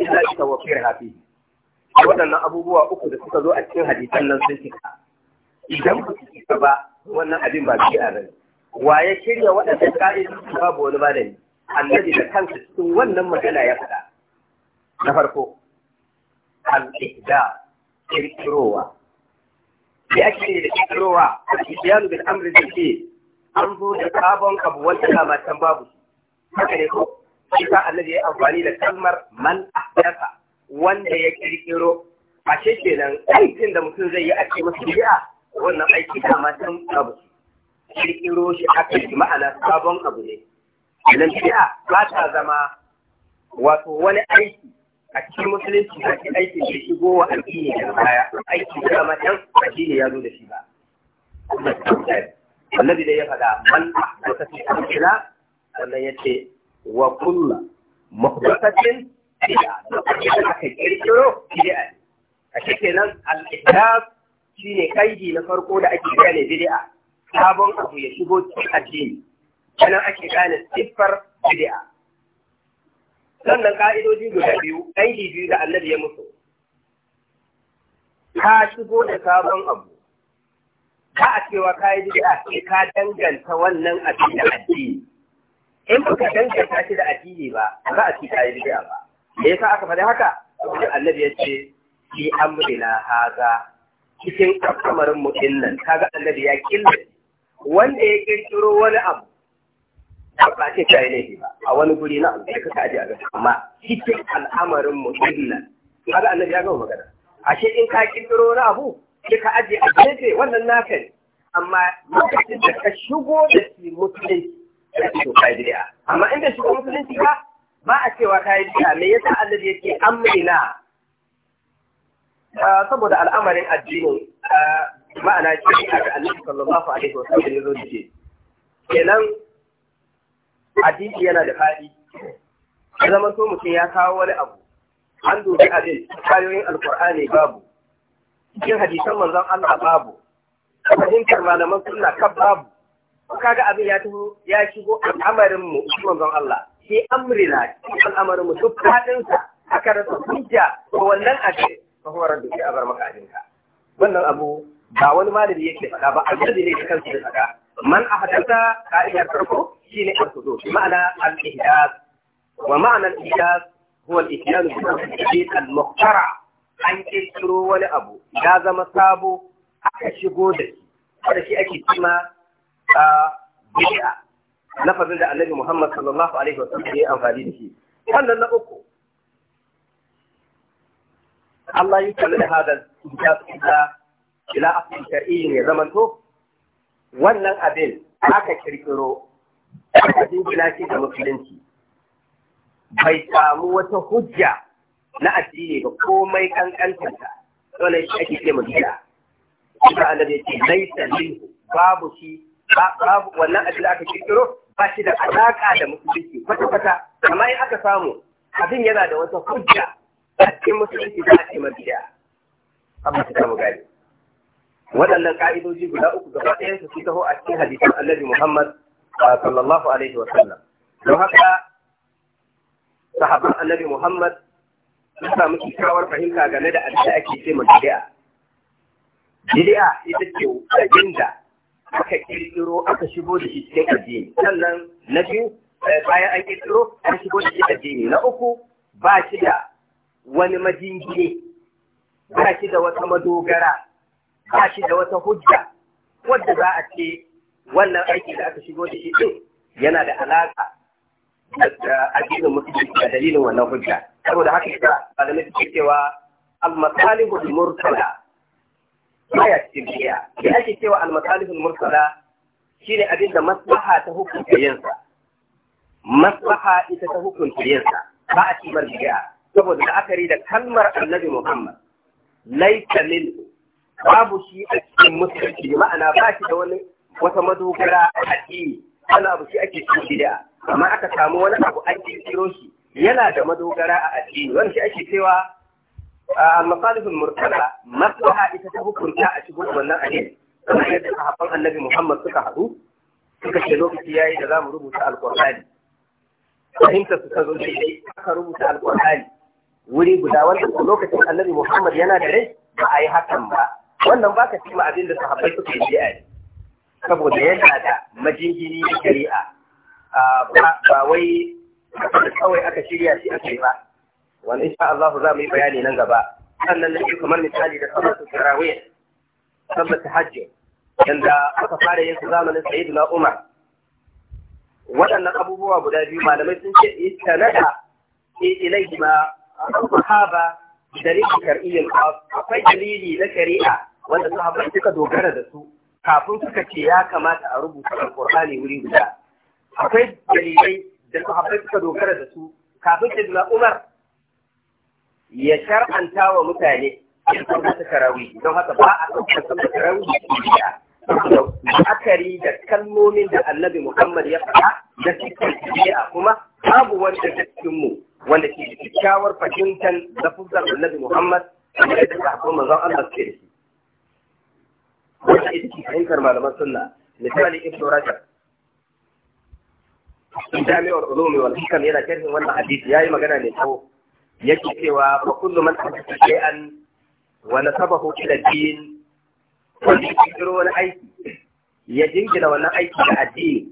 A: illa ita wa hafi wannan abubuwa uku da suka zo a cikin hadisan nan sun cika idan ba su cika ba wannan abin ba bid'a bane waye shirya waɗannan ka'idoji babu wani ba da ni? annabi da kansa cikin wannan magana ya faɗa na farko al-ihda kirkirowa da ake da kirkirowa al-ihyanu bil amri an zo da sabon abu wanda da ba can babu haka ne ko shi sa annabi ya amfani da kalmar man ahdasa wanda ya kirkiro a ce kenan aikin da mutum zai yi a ce masa bid'a wannan aiki da ma can babu kirkiro shi aka yi ma'ana sabon abu ne idan bid'a ba ta zama wato wani aiki a cikin musulunci ba ce aiki da shigo wa addini daga baya aiki da matan addini ya zo da shi ba annabi da ya faɗa man ahdatha fi amrina sannan yace wa kullu muhdathatin bid'a da aka kirkiro bid'a a kenan al kaidi na farko da ake gane bidi'a sabon abu ya shigo cikin addini kenan ake gane siffar bidi'a sannan ka'idoji guda biyu ɗan biyu da annabi ya mutu. ka shigo da sabon abu ka a cewa ka yi bid'a sai ka danganta wannan abin da addini in ba ka danganta shi da addini ba za a ce ka yi bid'a ba me yasa aka faɗi haka saboda annabi ya ce fi amrina haza cikin kamarin mu nan nan ga annabi ya killa wanda ya kirkiro wani abu ba ce kai laifi ba a wani guri na abu da kuka aje a gaba amma cikin al'amarin mu nan kaga annabi ya gama magana ashe in ka kirkiro na abu sai ka aje a gefe wannan naka ne amma lokacin da ka shigo da shi musulunci ya ce to kai amma inda shigo musulunci ba ba a cewa kai bid'a me yasa annabi yake amrina ah, saboda al'amarin addini ah, ma'ana ce ga annabi sallallahu alaihi wasallam ya zo da kenan addini yana da faɗi ya zama to mutum ya kawo wani abu an dubi abin kayoyin alkur'ani babu
B: cikin hadisan
A: manzon Allah babu fahimtar malaman sunna kan babu kaga abin ya tafi ya shigo al'amarin mu manzon Allah sai amrina al'amarin mu duk fadin sa aka rasa hujja ko wannan abin fa horar da a bar maka ka. wannan abu ba wani malami yake faɗa ba annabi ne da kansa ya faɗa man ahadatha ka'idar farko shine al-hudu ma'ana al-ihdath wa ma'ana al-ihdath huwa al-ihdath bi al-muqtara an kirkiro wani abu ya zama sabo aka shigo da shi wanda shi ake cima a bid'a lafazin da annabi Muhammad sallallahu alaihi wa sallam ya amfani da shi sannan na uku Allah ya kalli da hadal ila ila asli shar'i ne zamanto wannan abin aka kirkiro a jingina da musulunci bai samu wata hujja na addini ba komai kankantanta dole shi ake ce mu gida Ibn Annabi ya ce laisa sanin babu shi babu wannan abin aka kirkiro ba shi da alaƙa da musulunci kwata-kwata amma in aka samu abin yana da wata hujja a cikin musulunci za a ce mabiya amma su samu gani waɗannan ka'idoji guda uku gaba ɗayan su taho a cikin hadisan annabi Muhammad sallallahu alaihi wa sallam don haka sahabban annabi Muhammad sun samu kyakkyawar fahimta game da abin da ake ce ma bid'a bid'a ita ce abin da aka kirkiro aka shigo da shi cikin addini sannan na biyu eh, bayan an kirkiro an shigo da shi addini na uku ba shi da wani majingine ba shi da wata madogara ba shi da wata hujja wadda za a ce wannan aiki da aka shigo da shi din yana da alaƙa da addinin musulunci da dalilin wannan hujja saboda haka ita malamai suke cewa al-masalihu al-mursala baya cikin biya da ake cewa al-masalihu al-mursala shine abin da maslaha ta hukunta yansa maslaha ita ta hukunta yansa ba a cimar biya saboda la'akari da kalmar annabi Muhammad laita minhu babu shi a cikin musulunci ma'ana ba shi da wani wata madogara a addini wani abu shi ake cikin gida amma aka samu wani abu an kiro shi yana da madogara a addini wani shi ake cewa masalihul murtala maslaha ita ta hukunta a cikin wannan addini kamar yadda sahabban annabi Muhammad suka haɗu suka ce lokaci yayi da zamu rubuta alqur'ani fahimta su ta zo dai aka rubuta alqur'ani wuri guda wanda lokacin annabi Muhammad yana da rai ba a yi hakan ba wannan baka ci ma abin da sahabbai suka yi a saboda yana da majingiri na shari'a ba wai kawai aka shirya shi aka yi ba wani insha Allah za mu yi bayani nan gaba sannan na yi kamar misali da sallar tarawih sallar tahajjud yanda aka fara yin zamanin sayyidina Umar waɗannan abubuwa guda biyu malamai sun ce istanada ilaihi ma sahaba dalilin shar'iyyin akwai dalili na shari'a wanda sahabbai suka dogara da su kafin suka ce ya kamata a rubuta alkur'ani wuri guda akwai dalilai da sahabbai suka dogara da su kafin sayyidina Umar ya shar'anta wa mutane yin sunnata tarawih don haka ba a ɗaukar sunnata tarawih da la'akari da kalmomin da annabi Muhammad ya faɗa da cikin bid'a kuma babu wanda da mu wanda ke da kyakkyawar fahimtar lafuzar annabi Muhammad da da sahabban manzon Allah suke da shi wanda ita ce fahimtar malaman sunna misali ibnu rajab jami'ar ulumi wal hikam yana sharhin wannan hadisi yayi magana ne tsawo yake cewa fa kullu man hadatha shay'an wa nasabahu ila din wanda yake wani aiki ya jingina wannan aiki da addini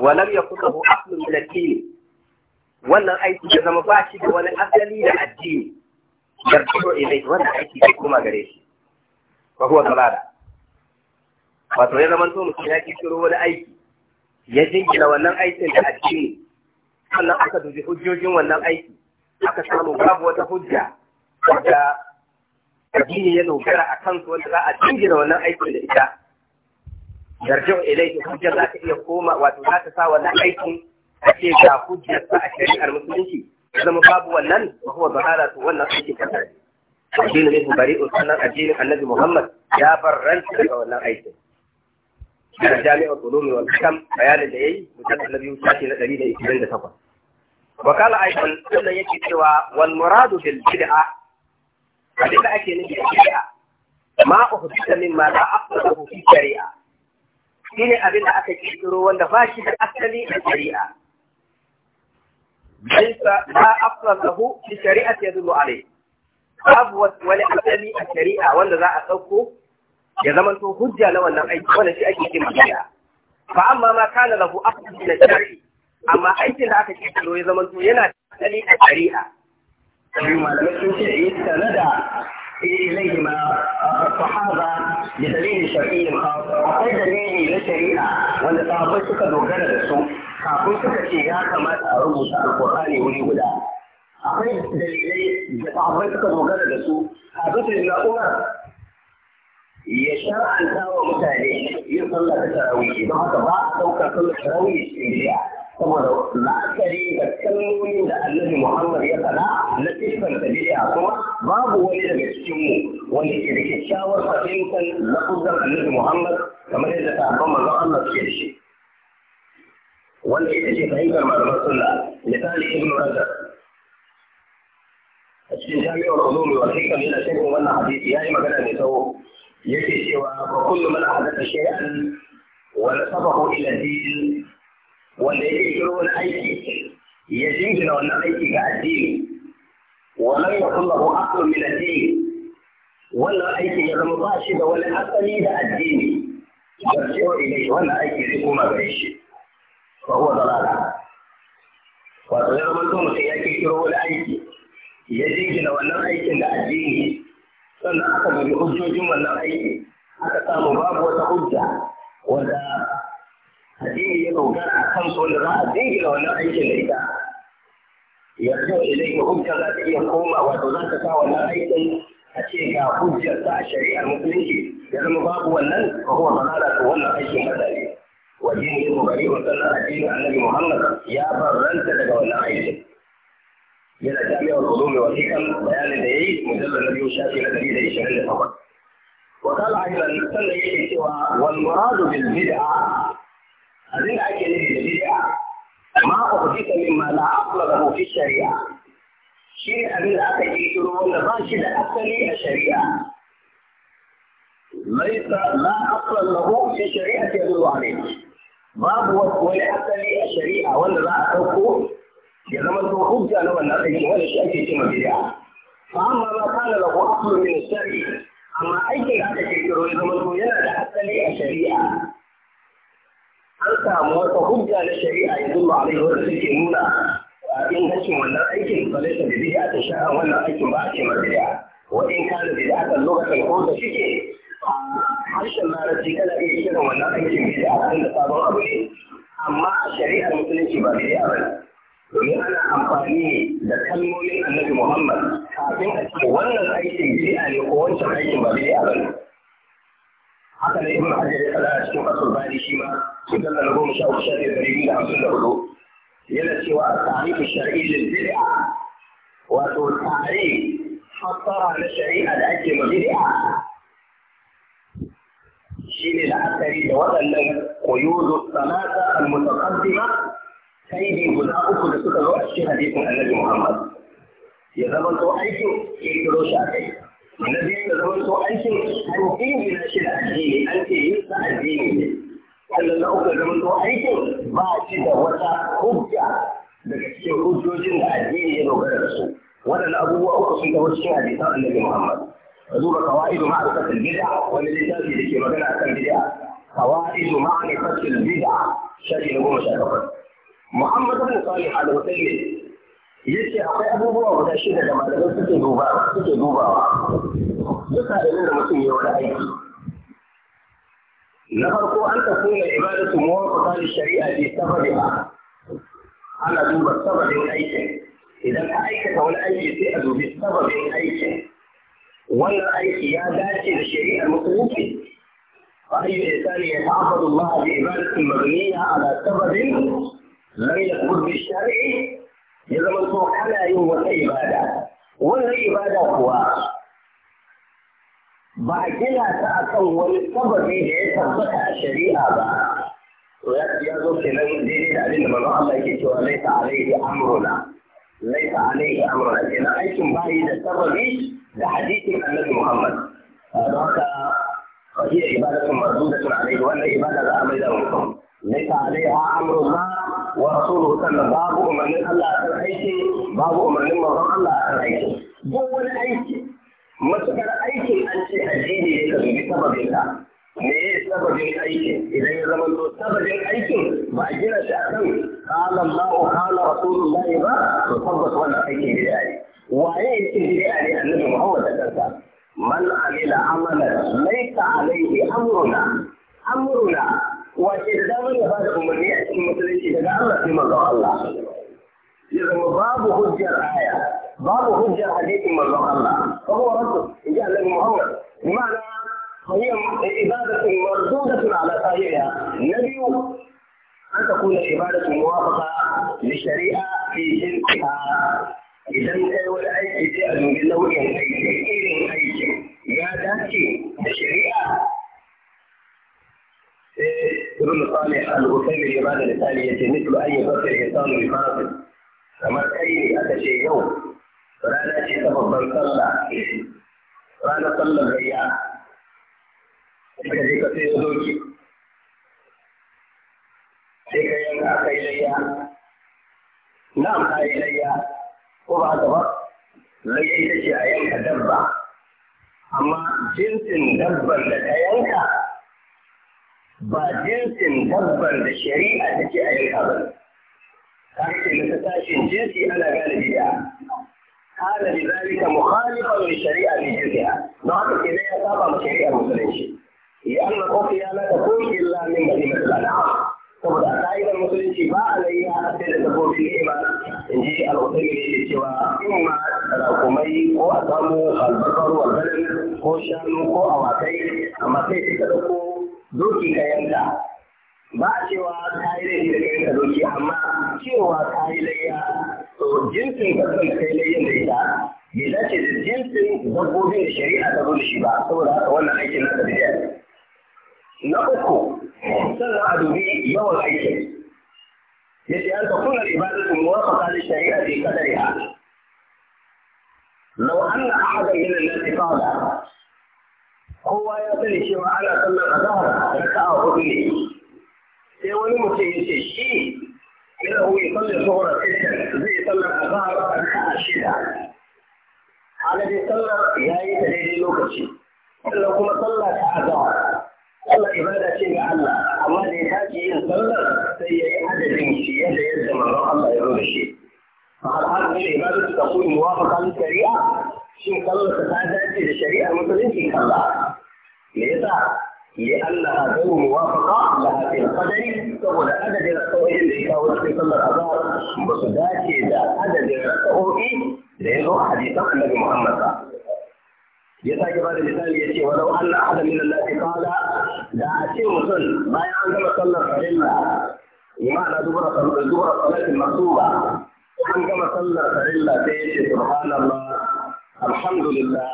A: wa lam yakun lahu aslun min ad-din wannan aiki ya zama ba shi da wani asali da addini yarji'u ilayhi wannan aiki ya kuma gare shi wa huwa dalala wato ya zama to mutum ya kiro wani aiki ya jingina wannan aikin da addini sannan aka dubi hujjojin wannan aiki aka samu babu wata hujja wadda addini ya dogara a kansu wanda za a jingina wannan aikin da ita yarjau ilaihi hujjar za ta iya koma wato za ta sa wannan aikin a ce ga hujjar sa a shari'ar musulunci ya zama babu wannan ba kuma bahara to wannan aikin kasa ne addinin ibn bari'u sannan addinin annabi muhammad ya bar barranta daga wannan aikin da jami'ar ulumi wal hikam bayanin da yayi mujallal na biyu shafi na ɗari da wa kala aidan sannan yake cewa wal muradu bil bid'a abin da ake nufi da bid'a ma min uhdita mimma la aqdahu fi shari'a shine abin da aka kirkiro wanda ba shi da asali a shari'a laisa la aslan lahu fi shari'a, shari'ati yadullu alayh babu wani asali a shari'a wanda za a dauko ya zama to hujja na wannan aiki wannan shi ake kin bid'a fa amma ma kana lahu aqd min shari amma aikin da aka ce kiro ya zama to yana tsali a shari'a sai malamai sun ce yi sanada إليهما الصحابة
B: بدليل شرعي خاص akwai dalili na shari'a wanda sahabbai suka dogara da su kafin suka ce ya kamata a rubuta alkur'ani wuri guda akwai dalilai da sahabbai suka dogara da su a bisa na umar ya shar'anta wa mutane yin sallah ta tarawih don haka ba a ɗaukar sallar tarawih cikin bid'a saboda la'akari da kalmomin da annabi Muhammad ya faɗa na siffanta bid'a kuma babu wani daga cikinmu wanda ke da kyakkyawar fahimtar lafuzan annabi Muhammad kamar yadda sahabban manzon Allah suke da shi. wanda ita ce fahimtar malaman sunna misali ibn rajab a cikin jami'ar ulumi wal hikam yana sharhin wannan hadisi yi magana mai tsawo yake cewa wa kullu man ahdatha shay'an wani sabahu ila din wanda yake kiro wani aiki ya jingina wannan aiki ga addini Wannan ya yakul lahu aqlun min ad-din wannan aiki ya zama ba shi da wani asali da addini yarji'u ilayhi wannan aiki zai koma gare shi fa huwa dalala wato ya zama mutum yake kiro wani aiki ya jingina wannan aikin da addini sannan aka bari hujjojin wannan aiki aka samu babu wata hujja wanda addini ya dogara a kansu wanda za a jingina wannan aikin da ita yanzu idan ya hujja za ta iya koma wato za ta sa wannan aikin a ce ga hujjar ta a shari'ar musulunci ya zama babu wannan ko kuma ba za ta wannan aikin ba dare wajen ya dogari wa sannan addinin annabi muhammad ya barranta daga wannan aikin من الأدبية والعلوم والحكم بيان العيد مجلد النبي الشافعي الأدبي لي شهر الفضل وقال أيضا سنة سوى والمراد بالبدعة هذه الأكلة البدعة ما أحدث مما لا أصل له في الشريعة
A: شيء من الأكل أن راشد أكل الشريعة
B: ليس لا أصل له في الشريعة يدل عليه ما هو ولأكل الشريعة ولا لا أكل ya zama to hujja na wannan aikin wani shi ake cewa bid'a fa amma ma kana lahu aslu min shari amma aikin da aka kirkiro ya zama to yana da asali a shari'a an samu wata hujja na shari'a ya zuwa alaihi wanda suke nuna ingancin wannan aikin ba zai tafi bid'a ta sha'a wannan aikin ba a ce ma bid'a wa in kana bid'a kan lokacin ko da shike harshen larabci kana iya kiran wannan aikin bid'a tun da sabon abu ne amma a shari'ar musulunci ba bid'a ba ne yana amfani da kalmomin annabi Muhammad kafin a ce wannan aikin bid'a ne ko wancan aikin ba bid'a ba ne. Haka ne Ibn Hajar ya faɗa a cikin Fasul Bari shi ma sun kalla na goma sha uku sha biyar ɗari biyu da hamsin da hudu. Yana cewa a tarihi shari'i lil bid'a wato tarihi fassara na shari'a da ake ma bid'a shi ne la'akari da waɗannan koyozo sanata al-mutaqaddima سيدي بنا أخذ سكر وحشي حديث النبي محمد يا زمن توحيته يكرو شاكي النبي يزمن توحيته توحيه من الشيء الدين أنت يسعى الدين قال لنا أخذ زمن توحيته ما أشد وشا خبجة لكشيه وجوجين الدين يلغي رسول ولا الأبو وأخذ سكر وحشي حديث النبي محمد أدور قواعد معرفة البدع والذي تأتي لكي مدنع البدع قواعد معرفة البدع شاكي نقوم شاكي Muhammadu bin Salih al Ya ce akwai abubuwa guda shida da malamai suke dubawa suke dubawa duka da da mutum ya wani aiki na farko an tafi da ibadatu muwafaqa li shari'a bi sababiha ana duba sababin aikin idan ka aikata wani aiki sai a dubi sababin aikin wannan aiki ya dace da shari'ar musulunci فأي إنسان يتعبد الله بعبادة مبنية على سبب لم يكن بالشرع إذا من سوء أنا يوم عبادة ولا عبادة هو ba gina ta a kan wani sababi da ya tabbata a shari'a ba. To ya zo ke nan daidai da abin da manzon Allah yake cewa laisa alaihi amruna. Laisa alaihi amruna kenan aikin bayi da sababi da hadisin Annabi Muhammad. Don haka fahiyar ibadatun mazudatun alaihi wannan ibada za a mai da mutum. Laisa alaiha amruna wa rasuluhu sannan babu umarnin Allah akan aiki babu umarnin manzon Allah akan aiki duk wani aiki matukar aikin an ce addini ya karbi sababin ka me ya sababin aiki idan ya zama to sababin aiki? ba a gina shi akan qala Allahu qala rasulullahi ba to tabbas wannan aikin bid'a ne waye yake bid'a ne annabi Muhammad da kansa man amila amalan laysa alaihi amruna amruna wace da damar ya bada umarni a cikin musulunci daga Allah sai manzon Allah ya zama babu hujjar aya babu hujjar hadisin manzon Allah fa huwa raddu in ji Allah Muhammad ma'ana na biyu مردودة على صاحبها ibada sun تكون da shari'a, للشريعة في Idan kai wani aiki أي شيء من نوع aiki irin أي ya dace da shari'a. Eh, ibn Salih al-Usaimi ya bada misali yace mislu an yufassir insanu bi farasin kamar kai ne aka ce yau rana ce ta babban sallah ranar sallar gayya ka je ka sayo doki sai ka yanka kai layya na'am kai layya ko ba haka ba ita ce a yanka dabba amma jinsin dabban da ka yanka ba jinsin babban da shari'a ta ce a yanka ba. Harshe na tashin jinsi ana gane bid'a. Kana bi muhalli mukhalifan li shari'a bi jinsiha. Don haka kenan ya saba ma shari'ar musulunci. Ya amma kofi ya laka ko illa min bani masalana. Saboda ka'idar musulunci ba a layya a sai da dabbobin ni'ima. In ji al'ummai ne cewa in ma rakumai ko a samu albarkar walbalin ko shanu ko awakai amma sai suka ɗauko doki ka yanka ba cewa ka yi laifi da yanka doki amma cewa ka yi layya to jinsin ka kai kai layyan da ita bai dace da jinsin dabbobin da shari'a ta zo da shi ba saboda haka wannan aikin na tafiya na uku sannan a dubi yawan aikin yace an takuna ibadatu muwafaqa li shari'ati qadariha law anna ahadan min an-nasi qala kowa ya sani cewa ana sallar da raka'a hudu ne sai wani mutum ya ce shi yana wuyi sallar zuhra sittan zai sallar da. raka'a shida halin sallar ya yi ta daidai lokaci sannan kuma sallar ta azhar sallar ibada ce ga Allah amma da ya tashi yin sallar sai ya yi adadin shi yadda yadda manzon Allah ya zo da shi فهل هذه العبادة تكون موافقة للشريعة؟ شيء كلا ta إلى da مثلا شيء kalla? me لأنها غير موافقة لها في القدر فقد عدد الركوعين اللي صلى الأذان بصدات إذا عدد لأنه حديث النبي محمد صلى الله عليه وسلم يساك بعد المثال يأتي ولو أن أحد من الناس قال لا أتي مسلم ما يعلم صلى الفريلا بمعنى دبر دبر صلاة المكتوبة أن كما صلى الفريلا سيأتي سبحان الله الحمد لله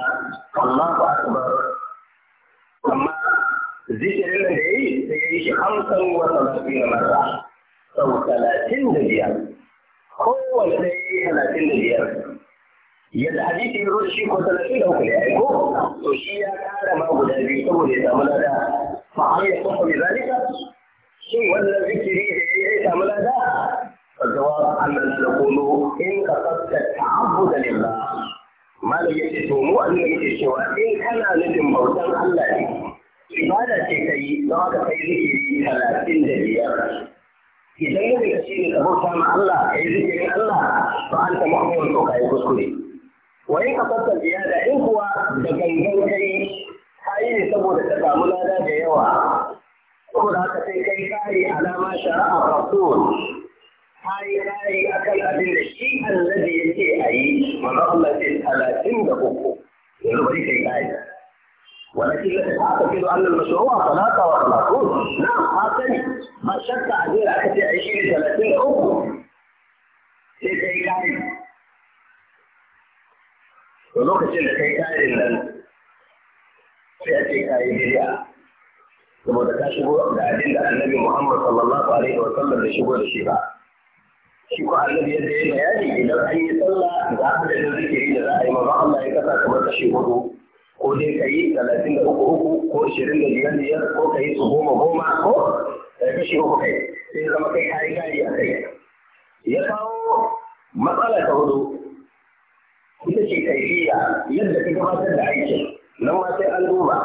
B: الله أكبر zikirin da ya yi da ya yi shi hamsin wa saba'in na marra sau talatin da biyar kowanne ya yi talatin da biyar yadda hadisi ya zo da shi ko talatin da uku ne ya ko to shi ya kara ma guda biyu saboda ya samu lada fa'al ya kuma bi zalika shin wannan zikiri da ya yi samu lada a da in ka الجواب أن ba. إن ya ce to mu لم يجد مؤمن cewa in kana كان bautan Allah ne. ibada ce ta yi don haka kai zikiri talatin da biyar idan ya daga shi ne ka bauta ma Allah ka yi zikirin Allah ba an ta mu'min to ka yi kuskure wa in ka fassar ziyada in kuwa da gangan kai ka yi ne saboda ta samu lada da yawa saboda haka sai kai kare alama shara'a rasul ka yi kare akan abin da shi Allah annabi yake a yi manzo Allah ce talatin da uku yanzu bari kai kare ولكن اعتقد ان المشروع ثلاثه وثلاثون نعم حسن ما شك عزيز عكس 20 30 اخرى sai kai kare to lokacin da kai kare nan sai ake kare bidiya saboda ka shigo da abin da annabi Muhammad sallallahu alaihi wa sallam da shigo da shi ba shi ko annabi yadda ya bayani idan an yi sallah da adadin zikiri da za a yi maza Allah ya kasa kamar kashi hudu ko dai ka yi talatin da uku uku ko ashirin da biyar biyar ko ka yi su goma goma ko kashi uku kai sai zama kai kayi gari a kai ya kawo matsala ta hudu ita ce yi kaifiya yadda ka gabatar da aikin nan ma sai an duba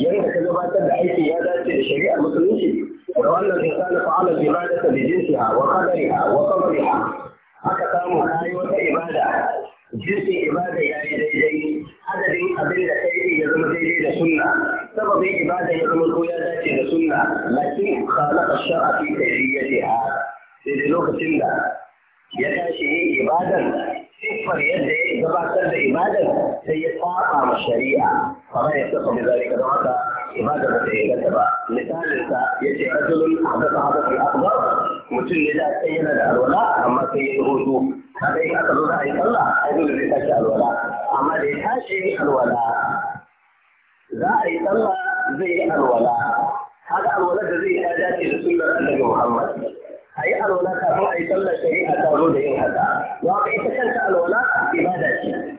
B: yadda ka gabatar da aikin ya dace da shari'ar musulunci da wannan insani fa'ala ibadata bi jinsiha wa qadariha wa qadriha aka samu kayi wata ibada jinsin ibada ya yi daidai adadin abin da kai ya zama daidai da sunna sababin ibada ya zama ko ya dace da sunna lakin khalaqa shar'a fi kayfiyatiha sai da lokacin da ya tashi yin ibadan siffar yadda ya gabatar da ibadan sai ya saba ma shari'a kama ya saba da zalika don haka ibada ba ta yi ba misalinsa ya yace rajulun hadatha hadatha mutum ne da sai yana da alwala amma sai ya yi hoto kada in aka zo za a yi sallah ai dole tashi alwala amma da ya tashi yi alwala za a yi sallah zai yi alwala haka alwala da zai yi dace da sunan annabi Muhammad a yi alwala kafin a yi sallar shari'a ta zo da yin haka wa ka ita kanta alwala ibada ce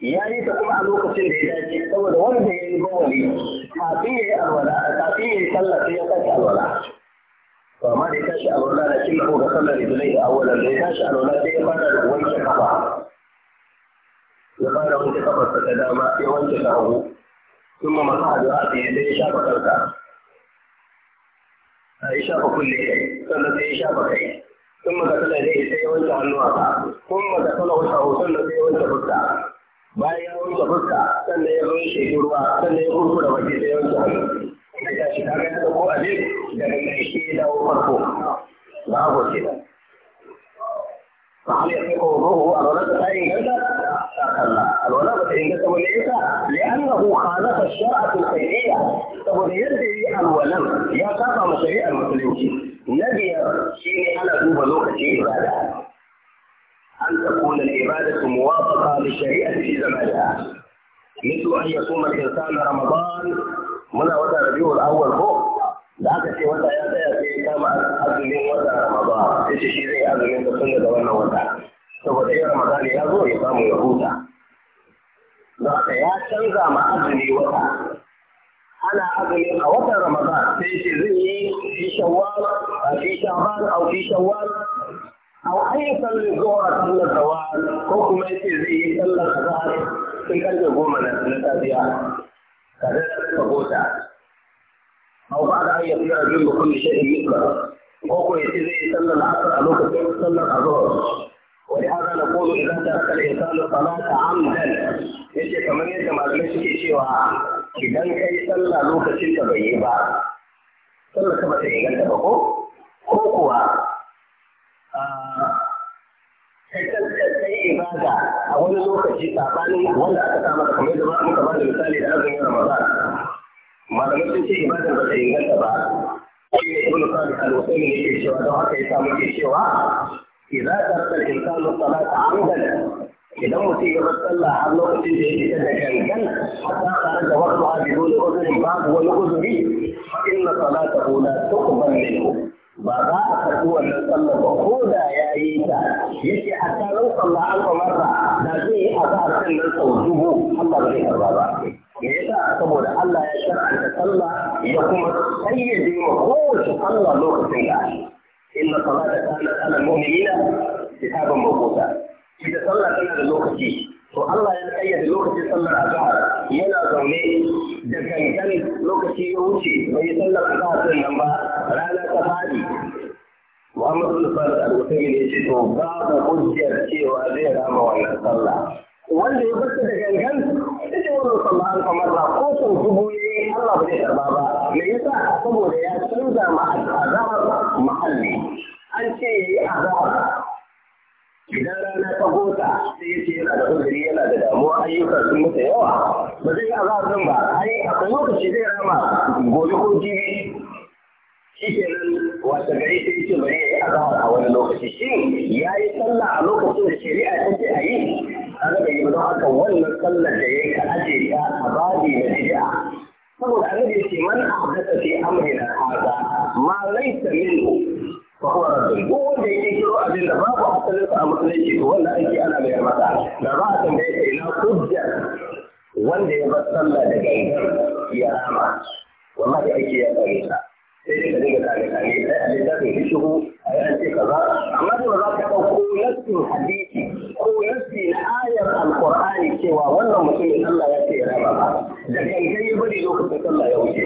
B: ya yi ta kuma a lokacin da ya dace saboda wanda ya yi bawali kafin ya yi alwala kafin ya yi sallah sai ya kanta alwala to amma da ya tashi a wani rana kin ko ga sallar idilai a awalan da ya tashi a wani sai ya fara da wanke kafa ya fara wanke kafa ta dama ya wanke ta hagu ثم مسح برأسه sai ya shafa kansa yi shafa kulle kai sannan sai ya shafa kai ثم غسل يديه sai ya wanke hannuwansa ثم غسل وجهه sannan sai ya wanke fuska bayan ya wanke fuska sannan ya zo ya sheki ruwa sannan ya kurkura baki sai ya wanke hannu ya shi ta gani da ko abin daga ƙarshe ya dawo farko ba a goce ba فهل يثق وضوءه الولد لا ينجز الولد ينجز وليس لأنه خالف الشرع الخيرية طب يدعي الولد يا كافة مشاريع المسلمين نبي شيء أنا دوب لوكتي إبادة أن تكون العبادة موافقة للشريعة في زمانها مثل أن يصوم الإنسان رمضان muna wata rabiwar awwal ko da aka ce wata ya tsaya sai ya kama azumin wata ramadan ya ce shi zai azumin da sun da wannan wata saboda yin ramadan ya zo ya samu ya huta Za ka ya canza ma azumi wata ana azumi a watan ramadan sai shi zai yi fi shawwal fi sha'ban a fi shawwal wani ayyukan zuwa sallar zawa ko kuma yake zai yi sallar zahar sun karfe goma na tafiya. كذلك فقوتا أو بعد أن يصير الجن بكل شيء مثله وهو يصير يصلى العصر أو يصلى الظهر ولهذا نقول إذا ترك الإنسان الصلاة عمدا yace kamar yadda malamai suke cewa idan ka yi sallah lokacin da bai yi ba sallah ka bata inganta ba ko ko kuwa ibada a wani lokaci sabanin wanda aka sa maka kamar da muka ba da misali da azumin Ramadan malamai sun ce ibada ba ta inganta ba shi ne ibnu Sabi al-Wasaini yake cewa don haka ya samu muke cewa idza tarka al-insanu salata amdan idan mutum ya bar sallah har lokacin da ya fita da gangan hatta tare da wasu habibu da uzuri babu wani uzuri inna salatahu la tuqbal minhu ba za a karɓi wannan sallar ba ko da ya yi ta yake a tarin sallah an kamarra da zai yi a zahar kan nan sau dubu Allah ba zai karba ba me yasa saboda Allah ya shar'anta sallah ya kuma sayyade ma kowace sallah lokacin da inna salata kanat ala mu'minina kitaban mawquta ita sallah tana da lokaci to Allah ya kayyade lokacin sallar azhar yana zaune da gangan lokaci ya wuce bai sallar azhar din nan ba ranar ta faɗi Muhammadu Lufar al-Usaini ya ce to babu hujjar cewa zai rama wannan sallah. Wanda ya barka da gangan ita ce wannan sallah an kamarra ko sun dubu ne Allah ba zai karba ba. Me yasa saboda ya canza ma azhar muhalli, An ce yayi azhar idan rana ta gota sai ya ce yana da uzuri yana da damuwa ayyuka sun yawa ba zai azhar din ba ai akwai lokaci zai rama gobe ko jibi shirin wata gari sai ce bari ya azahar a wani lokaci shi ya yi sallah a lokacin da shari'a ta ce a yi an da yi don haka wannan sallar da ya yi ka ajiye ta a babi na shari'a saboda an da ce man a haka fi amrina haza ma laisa minhu fa huwa rabbun duk wanda ya kiro abin da babu asalin sa a musulunci to wannan aiki ana mai masa da ba a tambaye ina hujjar wanda ya bar sallah da gangan ya rama wallahi aiki ya tsare ta sai ka dinga kare kare ai a littafin ki shigo ai an ce kaza amma da za ka ɗauko nassin hadisi ko nassi na ayar alqur'ani cewa wannan mutumin Allah ya ce ya raba ba da gangan ya bari lokacin sallah ya wuce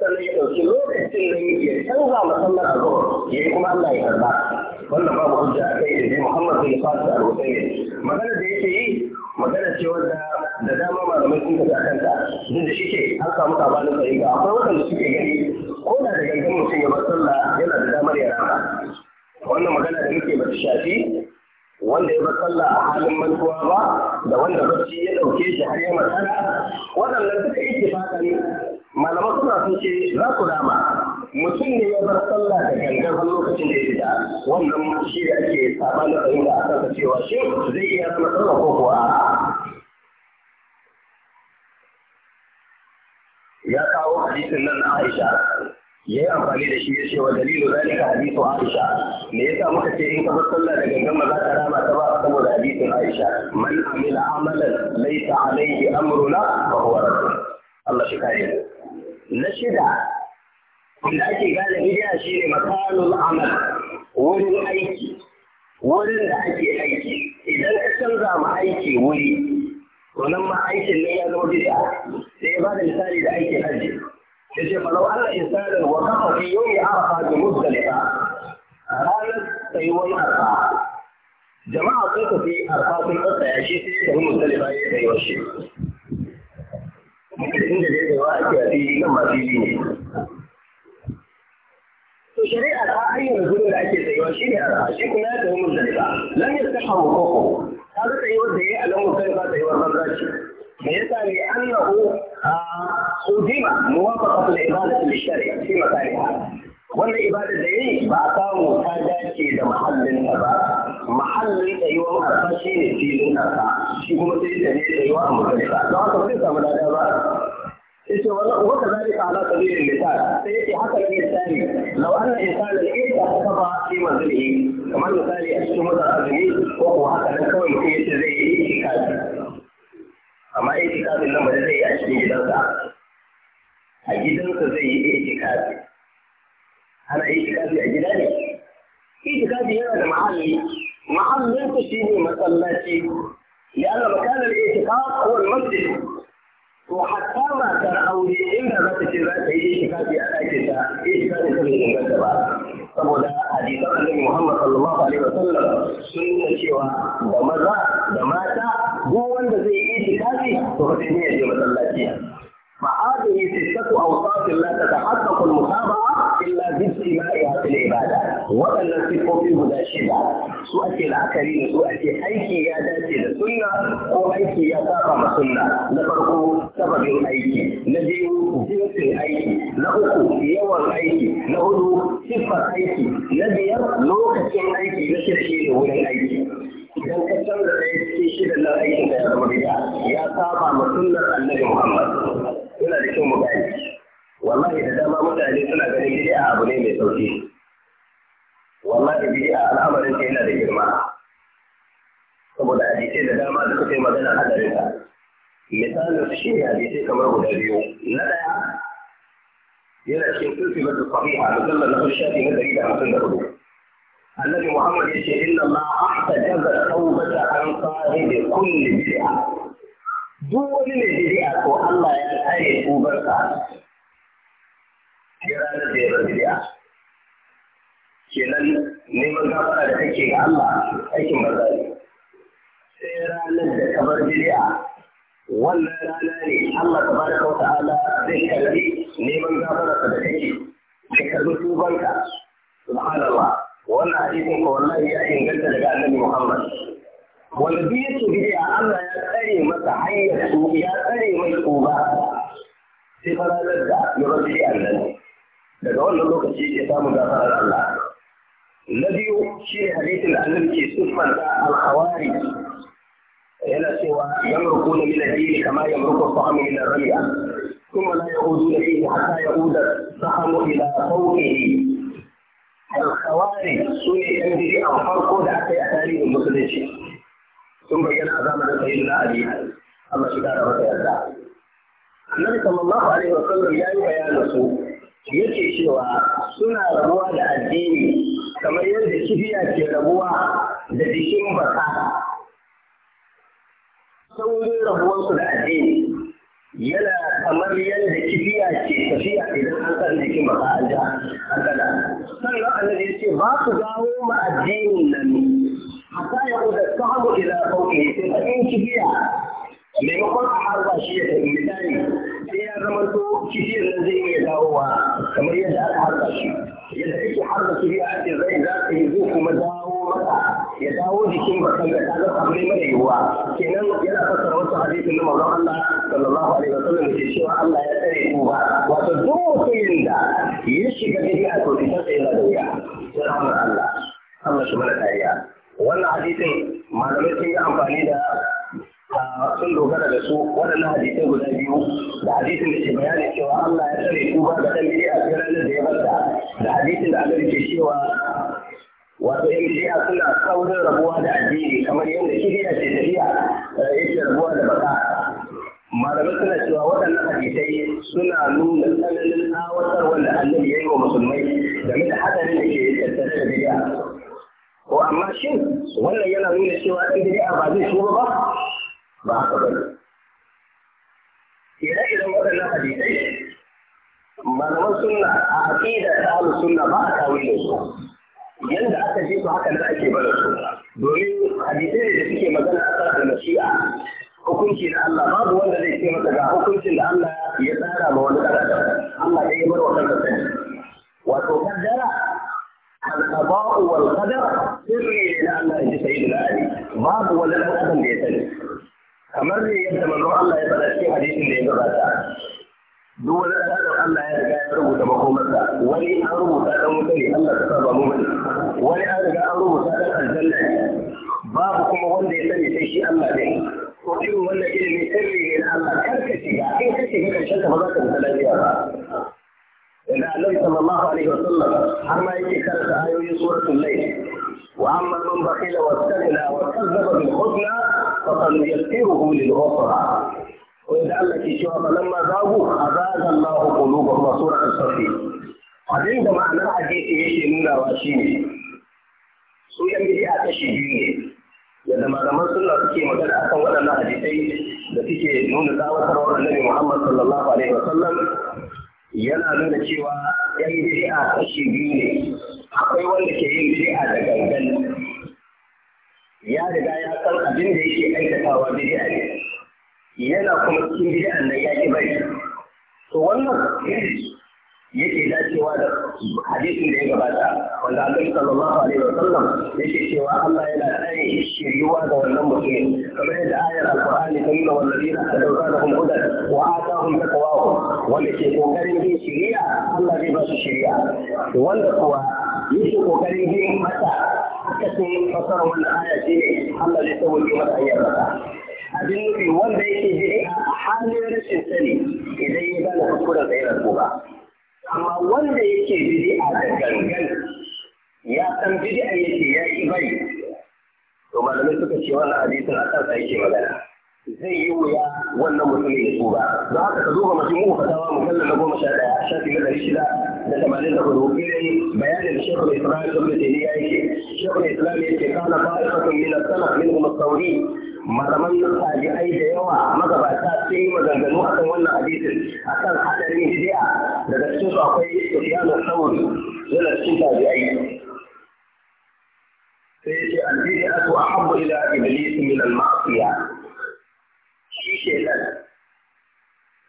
B: sannan ya ɗauki lokacin da ya canza masallar a zuwa ya yi kuma Allah ya karba wannan babu hujja a kai da Muhammad bin Fatima al-Husayn Maganar da yake yi magana ce wanda da dama malamai sun kasa kanta duk da shi ke an samu sabanin ga akwai waɗanda suke gani ko da da gangan mutum ya bar sallah yana da damar ya rama wannan magana da muke ba shafi wanda ya bar sallah a halin mantuwa ba da wanda bacci ya dauke shi har ya matsala waɗannan duka ittifaqan malaman suna sun ce za ku rama mutum ne ya bar sallah da gangar har lokacin da ya fita wannan shi da ake sabanin da a kansa cewa shi zai iya zama sallah ko kuwa ya kawo hadisin nan na Aisha ya yi amfani da shi ya ce wa dalilu ka hadisu Aisha me yasa muka ce in ka bar sallah da gangan maza ta rama ta ba saboda hadisin Aisha man amila amalan laysa alayhi amruna fa huwa rasul Allah shi kare na shida Wanda ake gane bidiya shi ne makanul amal wurin aiki wurin da ake aiki idan ka canza ma aiki wuri wannan nan ma aikin ne ya zama bida. sai ba da misali da aikin hajji yace falau Allah insanin wa kafa fi yawmi arafa bi muzdalifa ranar tsayuwar arfa jama'a sun tafi arfa sun ya shi sai tafi muzdalifa ya tsayuwar shi mutum da ya tsayawa ake a fili kan ma fili ne شريعة الآية نزول العشية وشيء الآية كنا تهم الزلفة لم يستحر حقوقه هذا تيوز هي الأم الزلفة تيوز الرجل ليس لأنه أدم موافقة العبادة للشريعة في مكانها wannan ibadar da yayi ba a samu ta dace da mahallin ta ba mahallin tsayuwar arfa shi ne filin arfa shi kuma sai da ne tsayuwa a musulunta don haka sai samu lada ba yace wannan wa kazalika ala sabili misal sai yake haka ne misali law anna insana ita haka ba fi manzilihi kamar misali a cikin wata azumi ko ko haka nan kawai mutum yace zai yi itikafi amma itikafin nan ba zai yi a cikin gidansa a gidansa zai yi itikafi ana itikafi a gida ne itikafi yana da mahalli mahallin ku shine masallaci Ya zama لأن مكان الاعتقاد هو المسجد to hatta matar aure inda za ta ce za ta yi ishikafi a ɗakin ta ishikafi ta bai inganta ba saboda hadisan annabi Muhammad sallallahu alaihi wasallam sun nuna cewa da maza da mata duk wanda zai yi ishikafi to fa sai ne ya je masallaci فهذه ستة أوصاف لا تتحقق المتابعة إلا باجتماعها في العبادة وأن الصفوف هدى شدة سؤال العكرين سؤال أيكي يا داتي للسنة أو أيكي يا ساقة السنة نفرقوا سبب الأيكي نجي جنس الأيكي نأكو يوم الأيكي نهدو صفة أيكي نبيا لوكة أيكي نشرحي لهول الأيكي idan ka canza ɗaya cikin shirin nan aikin da ya zama bid'a ya saba ma sunnar annabi Muhammad yana da kyau mu gane wallahi da dama mutane suna ganin bid'a abu ne mai sauki wallahi bid'a al'amarin ta yana da girma saboda ajiye da dama da suka yi magana a garin ta su shi ne kamar guda biyu na daya yana cikin sulfi ba su a musamman na shafi na dari da hamsin da hudu annabi muhammad ya ce inna ma ahtajaza tawbata an sahibi kulle bid'a duk wani mai bid'a ko Allah ya tsare tubar ka ya ranar da ya bar bid'a kenan neman gafara da kake ga Allah aikin banza sai ranar da ka bar jiriya wannan rana ne Allah tabaraka wa ta'ala zai karbi neman gafara da kake zai karbi tubanka subhanallah wannan hadisin ko wallahi ya inganta daga annabi Muhammad wanda duk yake bidiya Allah ya tsare masa hanyar su ya tsare mai tsoba sai faralar da ya bar bidiya nan daga wannan lokaci ya samu gafarar Allah na biyu shi ne hadisin da annabi ke siffar da alkhawari yana cewa yamruku na min addini kama yamruku sahamu min ramiya ثم لا يعودون فيه حتى يعود السهم الى فوقه الخوارج سنة يمدد أو فرقه لحتى يحتاج المسلمين sun bayyana a zamanin da Ali Allah shi gara masa yarda Annabi sallallahu alaihi wasallam ya yi bayanin su yake cewa suna rabuwa da addini kamar yadda kifiya ke rabuwa da jikin baka saurin rabuwansu da addini yana kamar yadda kifiya ke tafiya idan an san jikin baka an ja an kada sannan annabi ya ce ba su dawo ma addinin nan hatta ya kuda sahabu ila fauki sai ka in kibiya maimakon a harba shi ya tafi misali sai ya zama to kibiyar nan zai iya dawowa kamar yadda aka harba shi yadda kake da kibiya a cikin zai za ka yi zai kuma dawo maka ya dawo jikin bakan da ta zama abu ne mara yiwuwa kenan yana fassara wasu hadisin na manzon Allah sallallahu alaihi wa sallam da ke cewa Allah ya tsare ku ba wato duk mutumin da ya shiga bidi'a to ita sai da wuya sai Allah Allah shi mana kariya wannan hadisin malamai sun yi amfani da sun dogara da su waɗannan hadisai guda biyu da hadisin da ke bayanin cewa Allah ya tsare tuba da ɗan bid'a a ranar da ya barta da hadisin da Allah ke cewa wato yan bid'a suna saurin rabuwa da addini kamar yadda kiriya ke tafiya eh, yake rabuwa da baka malamai suna cewa waɗannan hadisai suna nuna tsananin tsawatar wanda annabi ya yi wa musulmai game da hadarin da ke tattare da bid'a ko amma shi wannan yana nuna cewa ɗan bid'a ba zai tuba ba ba haka ba ne ire-iren waɗannan hadisai
A: malaman sunna a aqida da ahlus sunna ba a da
B: su yanda aka ji su haka da ake bada su domin hadisai da suke magana a kan da mashia hukunci da Allah babu wanda zai ce masa ga hukuncin da Allah ya tsara ma wani ɗan Allah ya ya bar wa kansa sani wato kaddara القضاء والقدر سر إلى الله يجي سيد العالي باب ولا kamar Allah ya faɗa cikin hadisin da ya gabata duk wani Allah ya riga ya rubuta makomarsa wani an rubuta wuta ne Allah ta saba mu wani an riga an rubuta aljanna ne babu kuma wanda ya sani sai shi Allah ne ko irin wannan ilimi sirri ne na Allah kar ka shiga in ka shiga ba za ka fita lafiya ba da annabi sallallahu alaihi wa sallam har ma yake karanta ayoyin suratul layl wa amma man bakhila wastaghna wa kazzaba bil husna faqad yassiruhu lil usra wanda Allah ke cewa falamma zagu azaga Allahu qulubahum wa suratul safi abin da ma'anar hadisi yake nuna wa shine su yan bid'a kashi biyu ne yadda malaman sunna suke magana akan waɗannan hadisai da suke nuna tsawatarwar annabi Muhammad sallallahu alaihi wa sallam yana nuna cewa ‘yan bid'a kashi biyu ne, akwai wanda ke yin bid'a da gangan. Ya riga ya san abin da yake aikatawa bid'a ne, yana kuma cikin bid'an da ya ki bari. To wannan yake dacewa da hadisi da ya gabata wanda annabi sallallahu alaihi wa sallam yake cewa Allah yana tsaye shiriwa ga wannan mutum kamar yadda ayar alqur'ani ta nuna wallazina tadawzanahum hudan wa atahum taqwahum wanda ke kokarin bin shiriya Allah zai ba su shiriya wanda kuwa yake kokarin bin mata aka ce fasarar wannan aya ce Allah zai sauke masa hanyar mata abin nufi wanda yake jiri a halin rashin sani idan ya gane kuskuren tsaye da ba amma wanda yake bid'a da gangan ya san bid'a yake ya yi bai to malamai suka ce wannan hadisin a kansa yake magana zai yi wuya wannan mutum ya tuba don haka ka duba majmu'u fatawa mujallal na goma sha ɗaya shafi na ɗari shida da tamanin da hudu irin bayanin shekul islam ibn yi yake Shekaru islam yake kana fa'ifatun yi na salaf min kuma sauri malaman tabi'ai da yawa magabata sun yi maganganu a kan wannan hadisin a kan hadarin bid'a daga cikin su akwai Sufyan da sauri, yana cikin tabi'ai sai ce al-bid'atu ahabbu ila iblis min al-ma'siyah shi ke nan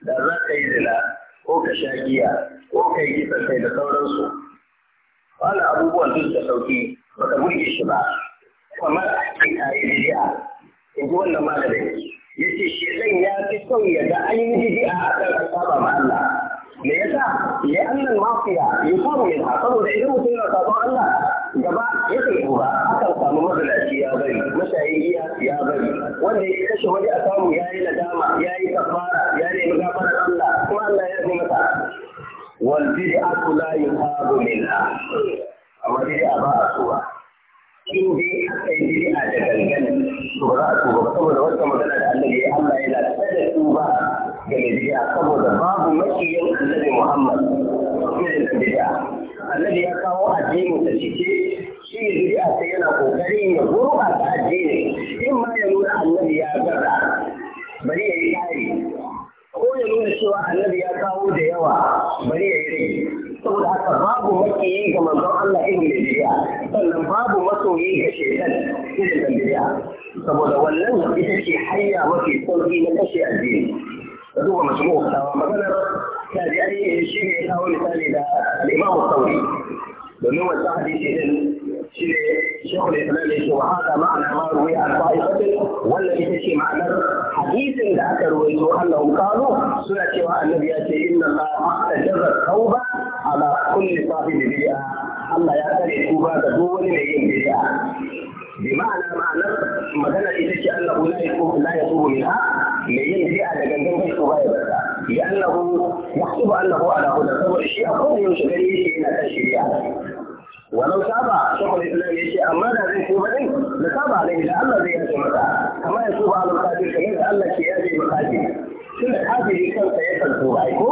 B: da za ka yi zina ko ka sha giya ko ka yi kisan kai da sauransu wannan abubuwan duk da sauki baka burge shi ba kamar a cikin ayi in ji wannan malamin ya ce zan ya fi son ya ga an yi bid'a a akan saba ma Allah me yasa ya annan mafiya ya samu ya saboda idan mutum yana sabon Allah gaba ya kai ba akan samu mazalaci ya bari mashayi ya bari wanda ya kashe wani a samu ya yi nadama ya yi kafara ya nemi gafarar Allah kuma Allah ya zama masa wal bid'atu la yuhabu minha amma bid'a ba a tsuwa in dai aka yi bid'a da gangan to ba za a saboda wata magana da annabi Allah yana tsada tuba ga bid'a saboda babu makiyin annabi Muhammad irin bid'a annabi ya kawo addinin da cike shi ne bid'a yana kokari ya gurɓata addinin in ma ya nuna annabi ya gaza bari ya yi kari ko ya nuna cewa annabi ya kawo da yawa bari ya yi rage saboda haka babu makiyi ga manzon Allah irin da bid'a sannan babu masoyi ga shaitan irin da bid'a saboda wannan ita ce hanya mafi sauki na kashe addini da duba majmu'u fatawa maganar tabi'ai shi ne ya kawo misali da al-Imam Sauri domin wannan hadisi din shi ne shekul islam ya ce wa haka ma'ana ma ruwi a ta'ifatin wannan ita ce ma'anar hadisin da aka ruwaito annahum qalu suna cewa annabi ya ce inna allaha ahtajaza tauba على كل صاحب بدعة الله يعتني توبة دول لين بدعة بمعنى معنى مثلا إذا أنه لا يتوب لا يتوب منها لين بدعة لجنبه توبة لأنه يحسب أنه على هدى فهو الشيء أقوم يشغله إلى تشريعه ولو تابع شيخ الاسلام يشيء اما لا زي توبه لتابع عليه لعل زي يتوب كما يتوب على القاتل كما يتالك يا ذي tunda kafiri kansa yakan tuba ai ko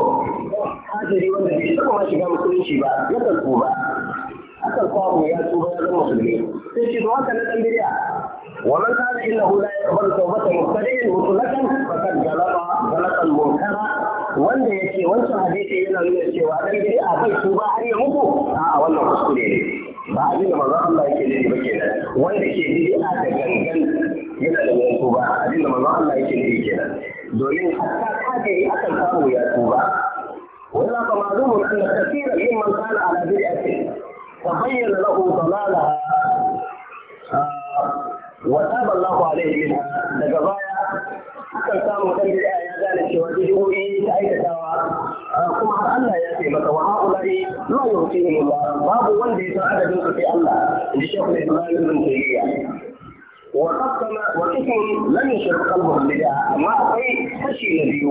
B: kafiri wanda bai taba ma shiga musulunci ba yakan tuba akan samu ya tuba ya zama musulmi sai shi haka na dan bid'a ومن قال انه لا يقبل توبه مبتدئ مطلقا فقد غلط غلطا منكرا wanda ya ce wancan hadisi yana nuna cewa dan bid'a bai tuba har ya mutu a wannan kuskure ne ba abin da manzon Allah yake nufi ba kenan wanda ke bid'a da gangan yana da wani tuba abinda manzo Allah yake nufi kenan domin hatta kafiri akan samu ya tuba ولا فمعلوم أن كثيرا ممن كان على بدعة تبين له ضلالها وتاب الله عليه منها daga baya akan samu dan bid'a ya gane cewa bid'o'i ta aikatawa kuma har Allah ya ce maka wa haula'i la yuhsihim babu wanda ya san adadin su sai Allah in ji Sheikh Ibrahim bin Taymiyyah وقسم وقسم لم يشرب قلبه البدعة ما أقي فشي نبيه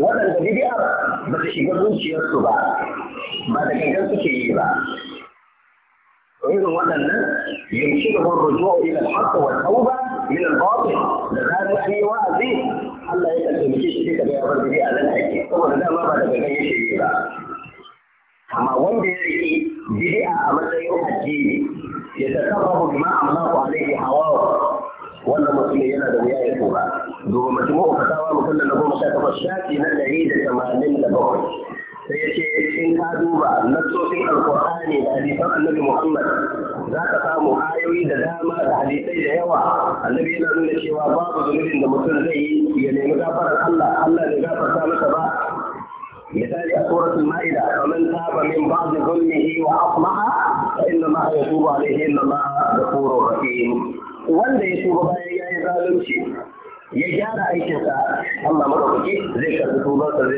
B: وأن البدعة بتشيك بوشي الصبح بعد كان كان تشيك وإذا وأن يمكنه الرجوع إلى الحق والتوبة من الباطل لذلك أي وعدي الله يتمكيش فيك بها البدعة لن أجي طبعا ده ما بعد كان يشيك amma wanda ya riƙe bid'a a matsayin addini يتكرر بما أملاط عليه حوار ولا مسلمين دوياء كورا دوما مجموع فتاوى مثل نبو مشاكل الشاكي من العيدة ثمانين لبوي سيشي إن كادوبا نصوصي القرآن الحديث عن النبي محمد ذاك قام حيوي دداما لحديثي جهوا النبي إلا من الشيوى باب ذنوب إن مسلم زي يلي مغافر الله الله لغافر سامة باب مثال سورة المائدة ومن تاب من بعد ظلمه وأصلح فإن الله يتوب عليه إن الله غفور رحيم wanda ya tuba bayan ya yi zalunci ya gyara aikinsa Allah madaukaki zai karɓi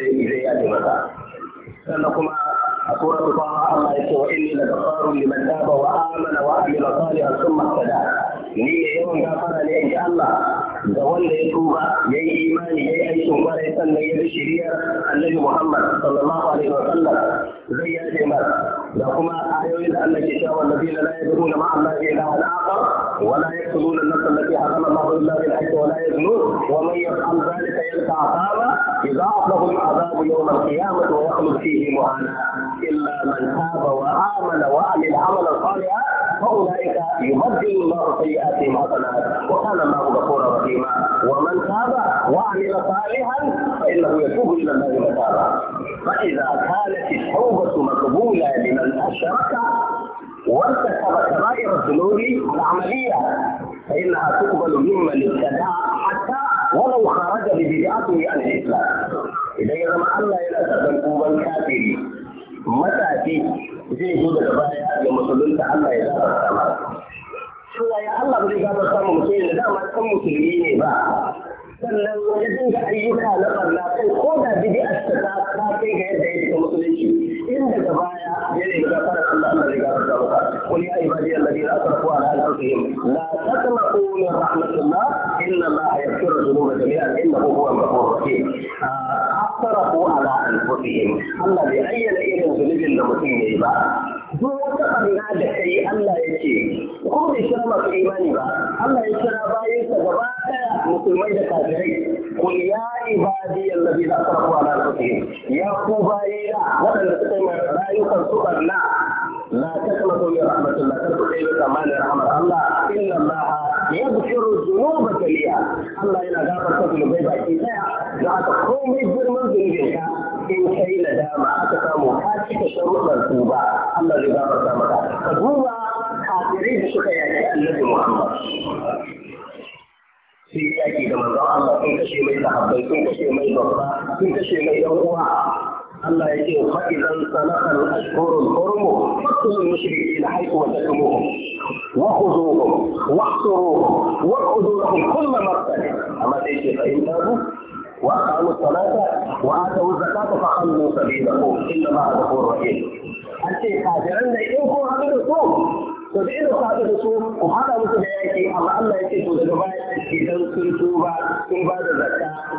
B: أقول الله الله يسوع إني لغفار لمن تاب وآمن وعمل صالحا ثم اهتدى ni yawan gafara ne in Allah ga wanda ya tuba ya yi imani ya yi aikin kwarai sannan ya bi shiriyar annabi Muhammad sallallahu alaihi wa sallam zai yaje masa لهما آيوين أن الكتاب الذين لا يدعون مع الله إلها آخر ولا يقتلون النفس التي حرم الله إلا بالحق ولا يزنون ومن يفعل ذلك يلقى عذابا يضاعف له العذاب يوم القيامة ويخلد فيه معاناة إلا من تاب وآمن وعمل عملا صالحا فأولئك يبدل الله سيئاتهم حسنات وكان الله غفورا رحيما ومن تاب وعمل صالحا فإنه يتوب إلى الله متابا فإذا كانت التوبة مقبولة لمن الشراكة وارتكب كبائر الذنوب العملية فإنها تقبل ممن ابتدع حتى ولو خرج ببدعته عن الإسلام إذا ما الله إلى تنقوب الكافر متى في زي جودة daga baya ga musulunta Allah ya zaɓa masa. Allah ya Allah ba zai gafarta mu mutum da sannan ya dinga ayyuka na barna kai ko da bid'a ta ta kai ga yadda ya shiga musulunci in daga baya ya ne ga fara Allah Allah ya gafarta maka qul ya ibadi alladhina asrafu ala anfusihim la taqnatu min rahmatillah inna ma yaghfiru dhunuba jami'an innahu huwal ghafurur rahim asrafu ala anfusihim Allah bai ayyana irin zunubin da mutum yayi ba duk wata barna da ka yi Allah ya ce ko bai kira masu imani ba Allah ya kira bayansa sa gaba daya musulmai da kafirai ku ya ibadi allazi da asrafu ala anfusihim ya ku bayina waɗanda suka yi rayukan su barna لا تقنطوا من رحمة الله تلقوا إلى كمال رحمة الله إن الله يغفر الذنوب جميعا الله إلى غابة تقول بيبا إيسا لا تقوم بالذنوب جميعا in kai nadama aka samu ka cika sharuɗar tuba Allah zai gafarta maka ka duba kafirai da suka yaki annabi Muhammad sai yaki da manzon Allah sun kashe mai sahabbai sun kashe mai babba sun kashe mai yan uwa Allah ya ce fa'idan sanatan ashhurul hurum fatul mushrikina haythu wajadtumuhum وخذوهم واحصروهم وارقدوا لهم كل مرتد اما تيجي فان تابوا واقاموا الصلاه واتوا الزكاه فخلوا سبيلكم انما هذا هو الرحيم وهذا مثل ما يأتي الله الله يأتي في الزكاة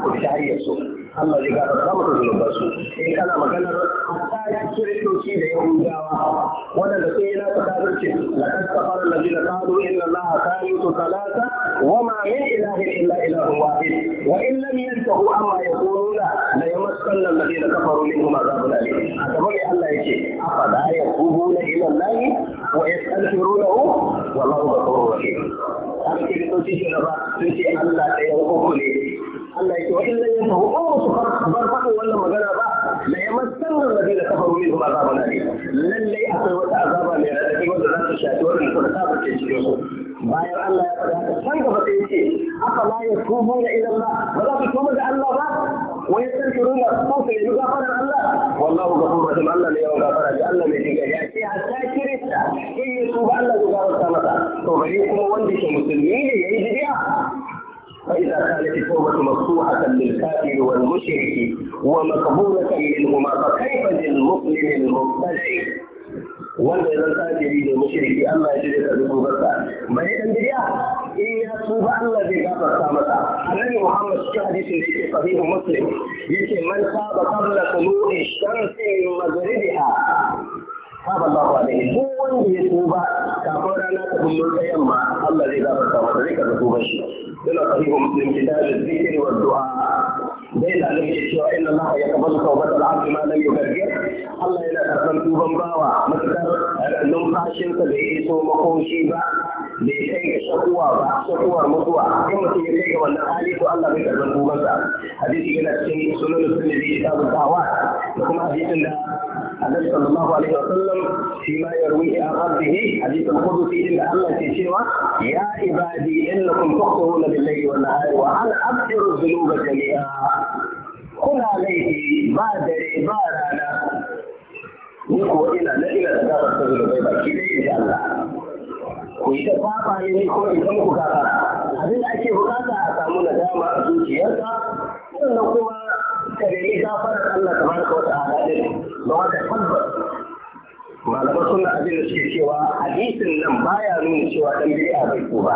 B: وشاي يسوع Allah zai gafarta maka zunuban basu. in eh, kana maganar hatta kiristoci da yahudawa waɗanda sun yi na ta kafirce laqad kafara allazina qalu inna allaha thalithu thalatha wa ma min ilahin illa ilahun wahid wa in lam yantahu amma yaquluna la yamassanna allazina kafaru minhum azabun alim a gaba ne Allah yake ya yaquluna ila allahi wa yastaghfirunahu wallahu ghafurur rahim haka kiristoci sun ba sun ce Allah ɗayan uku ne Allah yake wa illan yin tawo in musu bar faɗin wannan magana ba la yamassanna alladhina kafaru minhum azabun alim Lallai akwai wata azaba mai radadi wanda za ta shafi wannan suka kafirce cikin su bayan Allah ya faɗa haka can gaba sai ce, aka la yatubuna ila Allah ba Ba za su tuba ga Allah ba wa ya san yastaghfiruna ko su yi gafarar Allah wallahu ghafurur rahim Allah ne yawan gafara ga Allah mai dinga ya ce a hatta kirista in ya tuba Allah zai gafarta masa to bari kuma wanda ke musulmi ne ya yayi bidiya فإذا كانت التوبة مفتوحة للكافر والمشرك ومقبولة منهما فكيف للمسلم المبتدع والذي لم للمشرك أما المشرك الا يجدك بتوبتك بين ان يتوب الذي تاب تامتا النبي محمد حديث في قديم مسلم يمكن من تاب قبل طلوع الشمس من مغربها saba Allah alaihi duk wanda ya tuba kafin rana ta bullo ta yamma Allah zai gafarta masa zai karɓi tuban shi yana sahihu muslim kitabu zikri wa du'a dai da Allah ya cewa inna Allah ya kabalu tawbatal abdi ma lam yughayir Allah yana karɓan tuban bawa matakar numfashinsa da ya iso makoshi ba bai kai ga shakuwa ba shakuwar mutuwa in mutum ya kai ga wannan hali to Allah bai karɓan tubansa hadisi yana cikin sunan musulmi kitabu da'wa da kuma hadisin da النبي صلى الله عليه وسلم فيما يرويه عن ربه حديث القدسي ان الله سوى يا عبادي انكم تخطئون بالليل والنهار وانا اغفر الذنوب جميعا قل عليه ما دري ما رانا نكو الى لا الى تدار الذنوب ان شاء الله ku yi ta fafa ne ku kaka abin ake bukata a samu nadama a kuma ka nemi gafarar Allah tabaraka wa malaman suna abin da suke cewa hadisin nan baya nuna cewa dan bid'a bai ko ba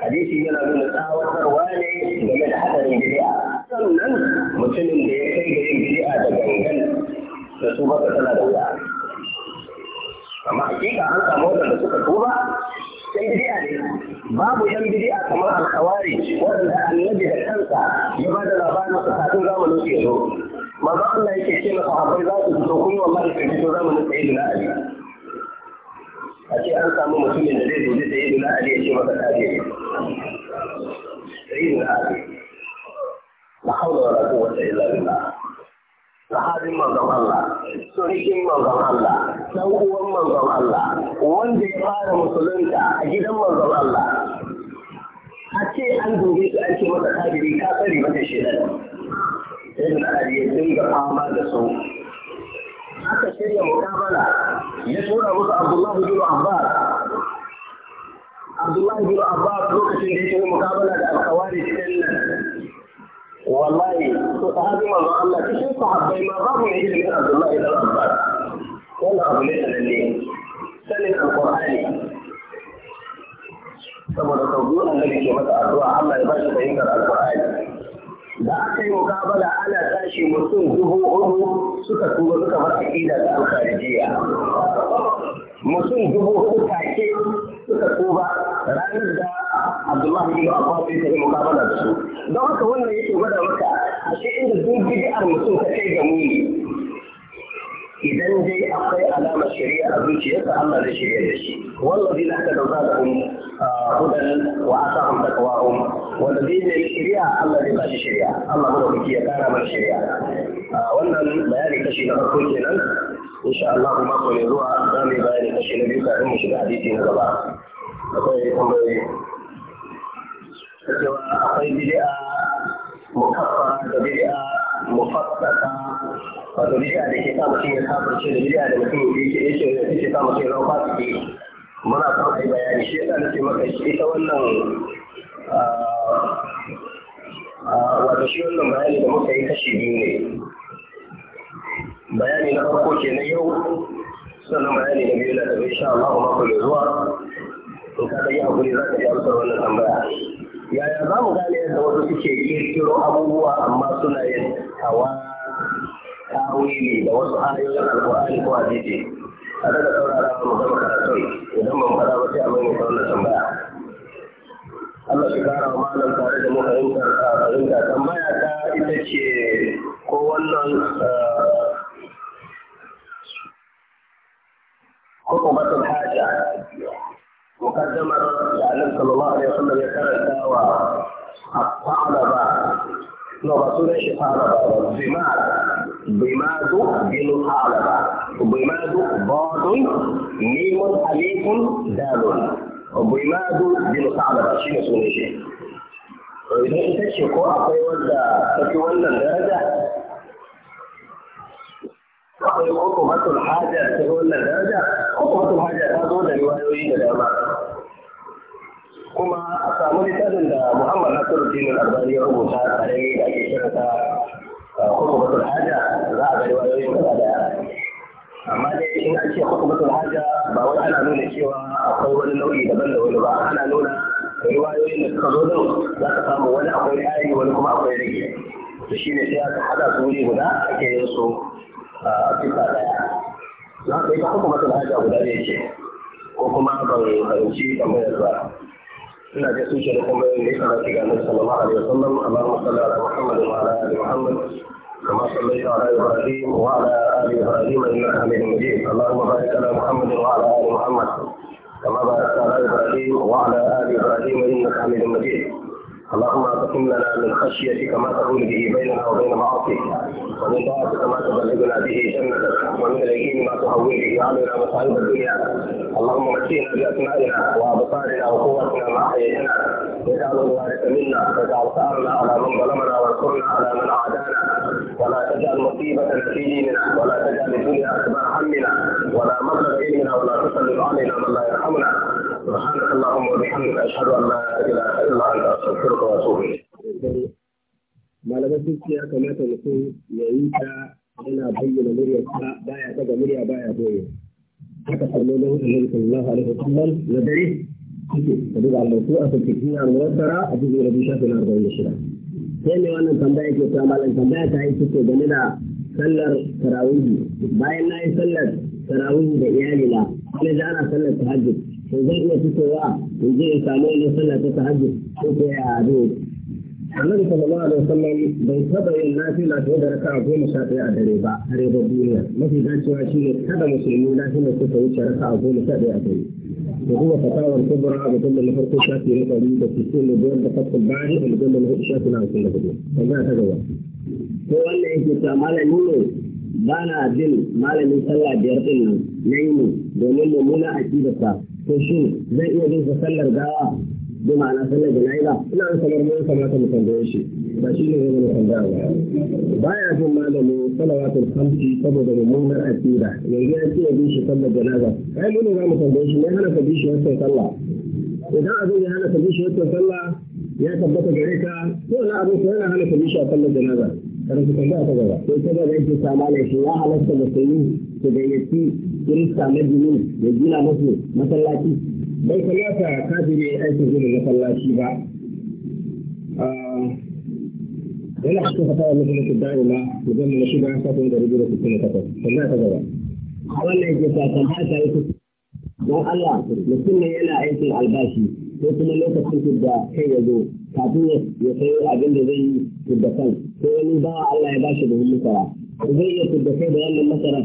B: hadisi yana nuna tsawatarwa ne game da hadarin bid'a sannan mutumin da ya kai ga yin bid'a da gangan da su baka tana da wuya amma hakika an samu wadanda suka tuba bidi'a ne babu yan bidi'a kamar alkawari waɗanda annabi da kansa ya ba da labarin su kafin zamanin su yazo manzo Allah yake ce sahabbai za su fito kun zamanin Ali a ce an samu mutumin da zai zo da Ali ya ce masa Ali la hawla wala quwwata illa billah sahabin manzon Allah, surikin manzon Allah, dan uwan manzon Allah, wanda ya fara musulunta a gidan manzon Allah. A ce an dubi su an ce masa tabiri ka tsari mata nan. Sai da Ali ya dinga fama da su. Aka shirya mukabala ya tura musu Abdullahi bin Abbas. Abdullahi bin Abbas lokacin da ya shirya mukabala da alkawari cikin nan wallahi to ta hajji manzo Allah cikin sahabbai ma babu mai ilimin Abdullah ibn Abbas wannan abu ne sananne sanin alqur'ani saboda sau biyu annabi ke masa addu'a Allah ya ba shi fahimtar alqur'ani da aka yi mukabala ana tashi mutum dubu uku, suka tuba suka bar aqida ta alkharijiya mutum dubu hudu take suka tuba ranar da Abdullahi bin Abbas ya tafi mukabala da su don haka wannan yake gwada maka a shi inda duk bid'ar mutum ta kai ga muni idan dai akwai alamar shari'a a zuciyarsa Allah zai shirya da shi wallazi la ka dauka da hum ah, hudan wa asahum taqwahum wanda zai ne shari'a Allah zai ba shi shari'a Allah mu da ya kara mana shari'a ah, wannan bayani kashi na farko kenan insha Allah kuma ko ne zuwa za mu bayani kashe na biyu kafin mu shiga hadisi na gaba akwai tambayoyi cewa akwai bid'a mukaffara da bid'a mufassaka wato bid'a da ke sa mutum ya kafirce da bid'a da mutum yake yake yake sa mutum ya zama fasiki muna son a yi bayani shi yasa nake maka ita wannan ah, ah, wato shi wannan bayani da muka yi kashi biyu ne bayani na farko ke na yau sannan bayani na biyu na da sha Allah mako mai zuwa in ka yi hakuri za ka ji amsar wannan tambaya yaya za mu gane yadda wasu suke kirkiro abubuwa amma suna yin hawa tawili da wasu ayoyin alƙur'ani ko hadisi a daga saurara mu gama karatun idan ban fara ba sai a mai wannan tambaya Allah shi kara wa malam tare da mu fahimtar tambaya ta ita ce ko wannan eh, خطبة الحاجة مقدمة النبي يعني صلى الله عليه وسلم يكرر الطلبة لغة ايش طلبة بماذا بماذا بن طلبة بماذا ضاد ميم أليف دال بماذا بن طلبة شيء سنة شيء إذا أنت شكو أقوى ولا تكوى ولا درجة akwai hukumatul haja ta wannan daraja hukumatul haja ta zo da riwayoyi da dama kuma a samu littafin da muhammad nasiruddin al-albani ya rubuta tare da ake kira ta hukumatul haja za a ga riwayoyin da daya amma dai in an ce hukumatul haja ba wai ana nuna cewa akwai wani nau'i daban da wani ba ana nuna riwayoyin da suka zo din za ka samu wani akwai ƙari wani kuma akwai rage to shine sai aka haɗa su wuri guda ake yin su kisa daya na haka ita kuma matsala haka guda ne ce ko kuma ban karanci tambayar ba ina ga sun shirin kuma yin nisa da shiga nasu sallallahu alaihi wasallam Allah musalla ala Muhammad wa ala ali Muhammad كما صليت على ابراهيم وعلى ال ابراهيم انك حميد مجيد اللهم بارك على محمد وعلى ال محمد كما باركت على wa ala ال ابراهيم انك حميد اللهم تقم لنا من خشيتك ما تقول به بيننا وبين معاصيك ومن طاعتك ما تبلغنا به جنتك ومن اليقين ما تهون به علينا مصائب الدنيا اللهم مسينا باسمائنا وابصارنا وقوتنا ما احييتنا واجعل الوارث منا واجعل ثارنا على من ظلمنا وانصرنا على من عادانا ولا تجعل مصيبة في ديننا ولا تجعل الدنيا اكبر همنا ولا مبلغ علمنا ولا تسلط علينا من لا يرحمنا سبحانك اللهم وبحمدك أشهد أن لا إله إلا أنت أستغفرك وأتوب إليك. malaman duk ya kamata mutum ya yi ta yana bayyana muryarsa baya daga murya baya boye haka sallolin annabi sallallahu alaihi wasallam na dare suke da duka albarku a sarkikin al-muwaddara a cikin rabi shafi na arba'in da shida sai ne wannan tambaya ke ta malam tambaya ta yi suke game da sallar tarawihi bayan na yi sallar tarawihi da iyalina na ji ana sallar tahajjud to zai iya fitowa to zai iya samu yin sallah ta tahajjud ko ko ya ado annabi sallallahu alaihi wasallam bai taba yin nafila fiye da raka'a goma sha ɗaya a dare ba a ba duniya mafi dacewa shi ne kada musulmi nafila ko ta wuce raka'a goma sha ɗaya a dare da kuma fatawar kubra a mutum da na farko shafi na ɗari da sittin da biyar da fatkul bari a mutum da na hudu shafi na hamsin da hudu tambaya ta gaba ko wannan yake ta malami ne ba na bin malamin sallah biyar ɗin nan na yi ne domin mummuna ta. to shi zai iya bin sallar gawa bi ma'ana sallar jana'iza ina da kamar mun kamata mu tambaye shi ba shi ne zai tambaya ba baya jin malami salawatul khamsi saboda mummunar asira yanzu ya ce ya bi shi sallar jana'iza ai mu za mu tambaye shi ne hana ka bi shi wannan sallah idan abin ya hana ka bi shi wannan sallah ya tabbata gare ka ko na abin ko yana hana ka bi shi a sallar jana'iza kada ku tambaya ta gaba sai ta gaba yake sa malai shi ya halatta musulmi su gayyaci kirista na jini da gina musu masallaci bai kamata yi aikin gina masallaci ba ah, yana cikin fatawa musulunci da'ima da zama na bayan kafin da da su kuma kafa. sannan ta gaba a wannan yake sa tambaya ta yi don Allah mutum ne yana aikin albashi ko kuma lokacin da kai ya zo kafin ya sayo abin da zai yi da kan ko wani bawa Allah ya bashi da masara zai iya kudda kai da wannan masarar.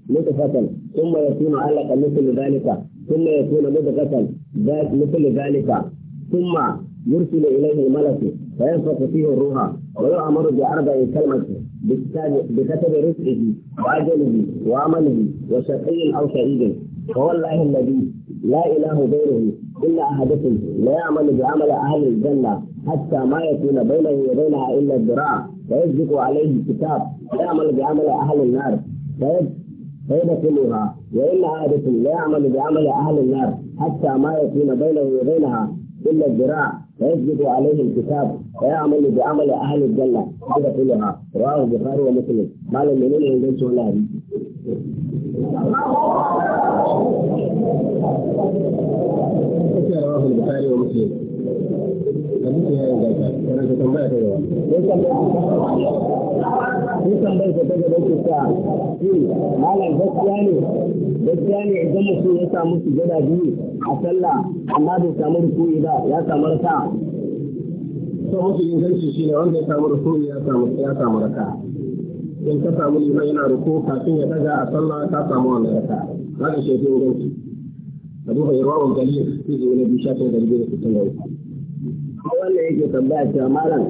B: نطفة ثم يكون علقة مثل ذلك ثم يكون مضغة مثل ذلك ثم يرسل إليه الملك فينفخ فيه الروح ويؤمر بأربع كلمة بكتب رزقه وأجله وعمله وشقي أو سعيد فوالله الذي لا إله غيره إلا أحدكم لا يعمل بعمل أهل الجنة حتى ما يكون بينه وبينها إلا الذراع فيسبق عليه الكتاب لا يعمل بعمل أهل النار فيدخلها وإن عادة لا يعمل بعمل أهل النار حتى ما يكون بينه وبينها إلا الذراع فيثبت عليه الكتاب ويعمل بعمل أهل الجنة كلها رواه البخاري ومسلم قال المؤمن عند شو الله رواه البخاري ومسلم da muke yawan gaza yana da ta ta nke malam gaskiya ne gaskiya ne idan mutum ya samu gada biyu a sallah amma bai samu rukuni ba ya samu rasa ta mafi inganci shi ne wanda ya samu rukuni ya samu ya samu rasa in ka samu liman yana ruku kafin ya daga a sallah ka samu wannan rasa haka shi a yarwa wa na biyu da da wannan yake tambaya cewa malam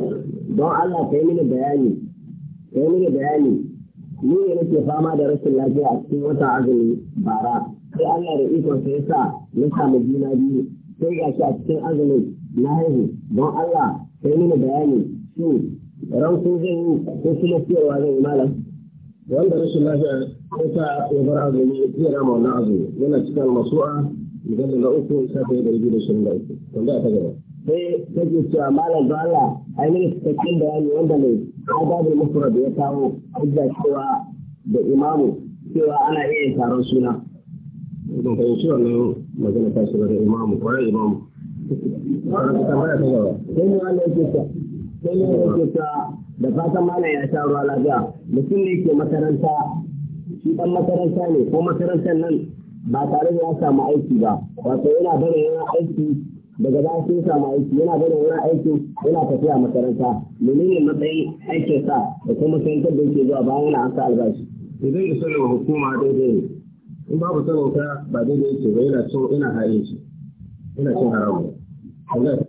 B: don Allah yi mini bayani yi mini bayani ni ne nake fama da rashin lafiya a cikin wata azumi bara sai Allah da ikon sa yasa na samu juna biyu sai shi a cikin azumi na haihu don Allah yi mini bayani shi ranku zai yi ko kuma siyarwa zan yi malam wanda rashin lafiya ya ta ya bar azumi ya tsira rama wannan azumi yana cikin masu'a misali na uku sa ta yi da da shirin da uku wanda ta gaba sai take cewa malam da Allah ai ne cikakken bayani wanda mai adabul mufrad ya kawo hujja cewa da imamu cewa ana iya taron suna don kai shi wannan magana ta shi da imamu imamu sai ne wannan yake ta sai ne yake ta da fatan malam ya sha ruwa lafiya mutum ne ke makaranta shi dan makaranta ne ko makarantar nan ba tare da ya samu aiki ba wato yana barin yana aiki daga baya sun samu aiki yana bada wani aikin yana tafiya makaranta menene matsayin aikin sa da kuma makarantar da yake zuwa bayan yana an sa albashi idan ya sanar hukuma daidai ne in babu sanauta ba daidai yake ba yana cin ina hayin shi ina cin haramu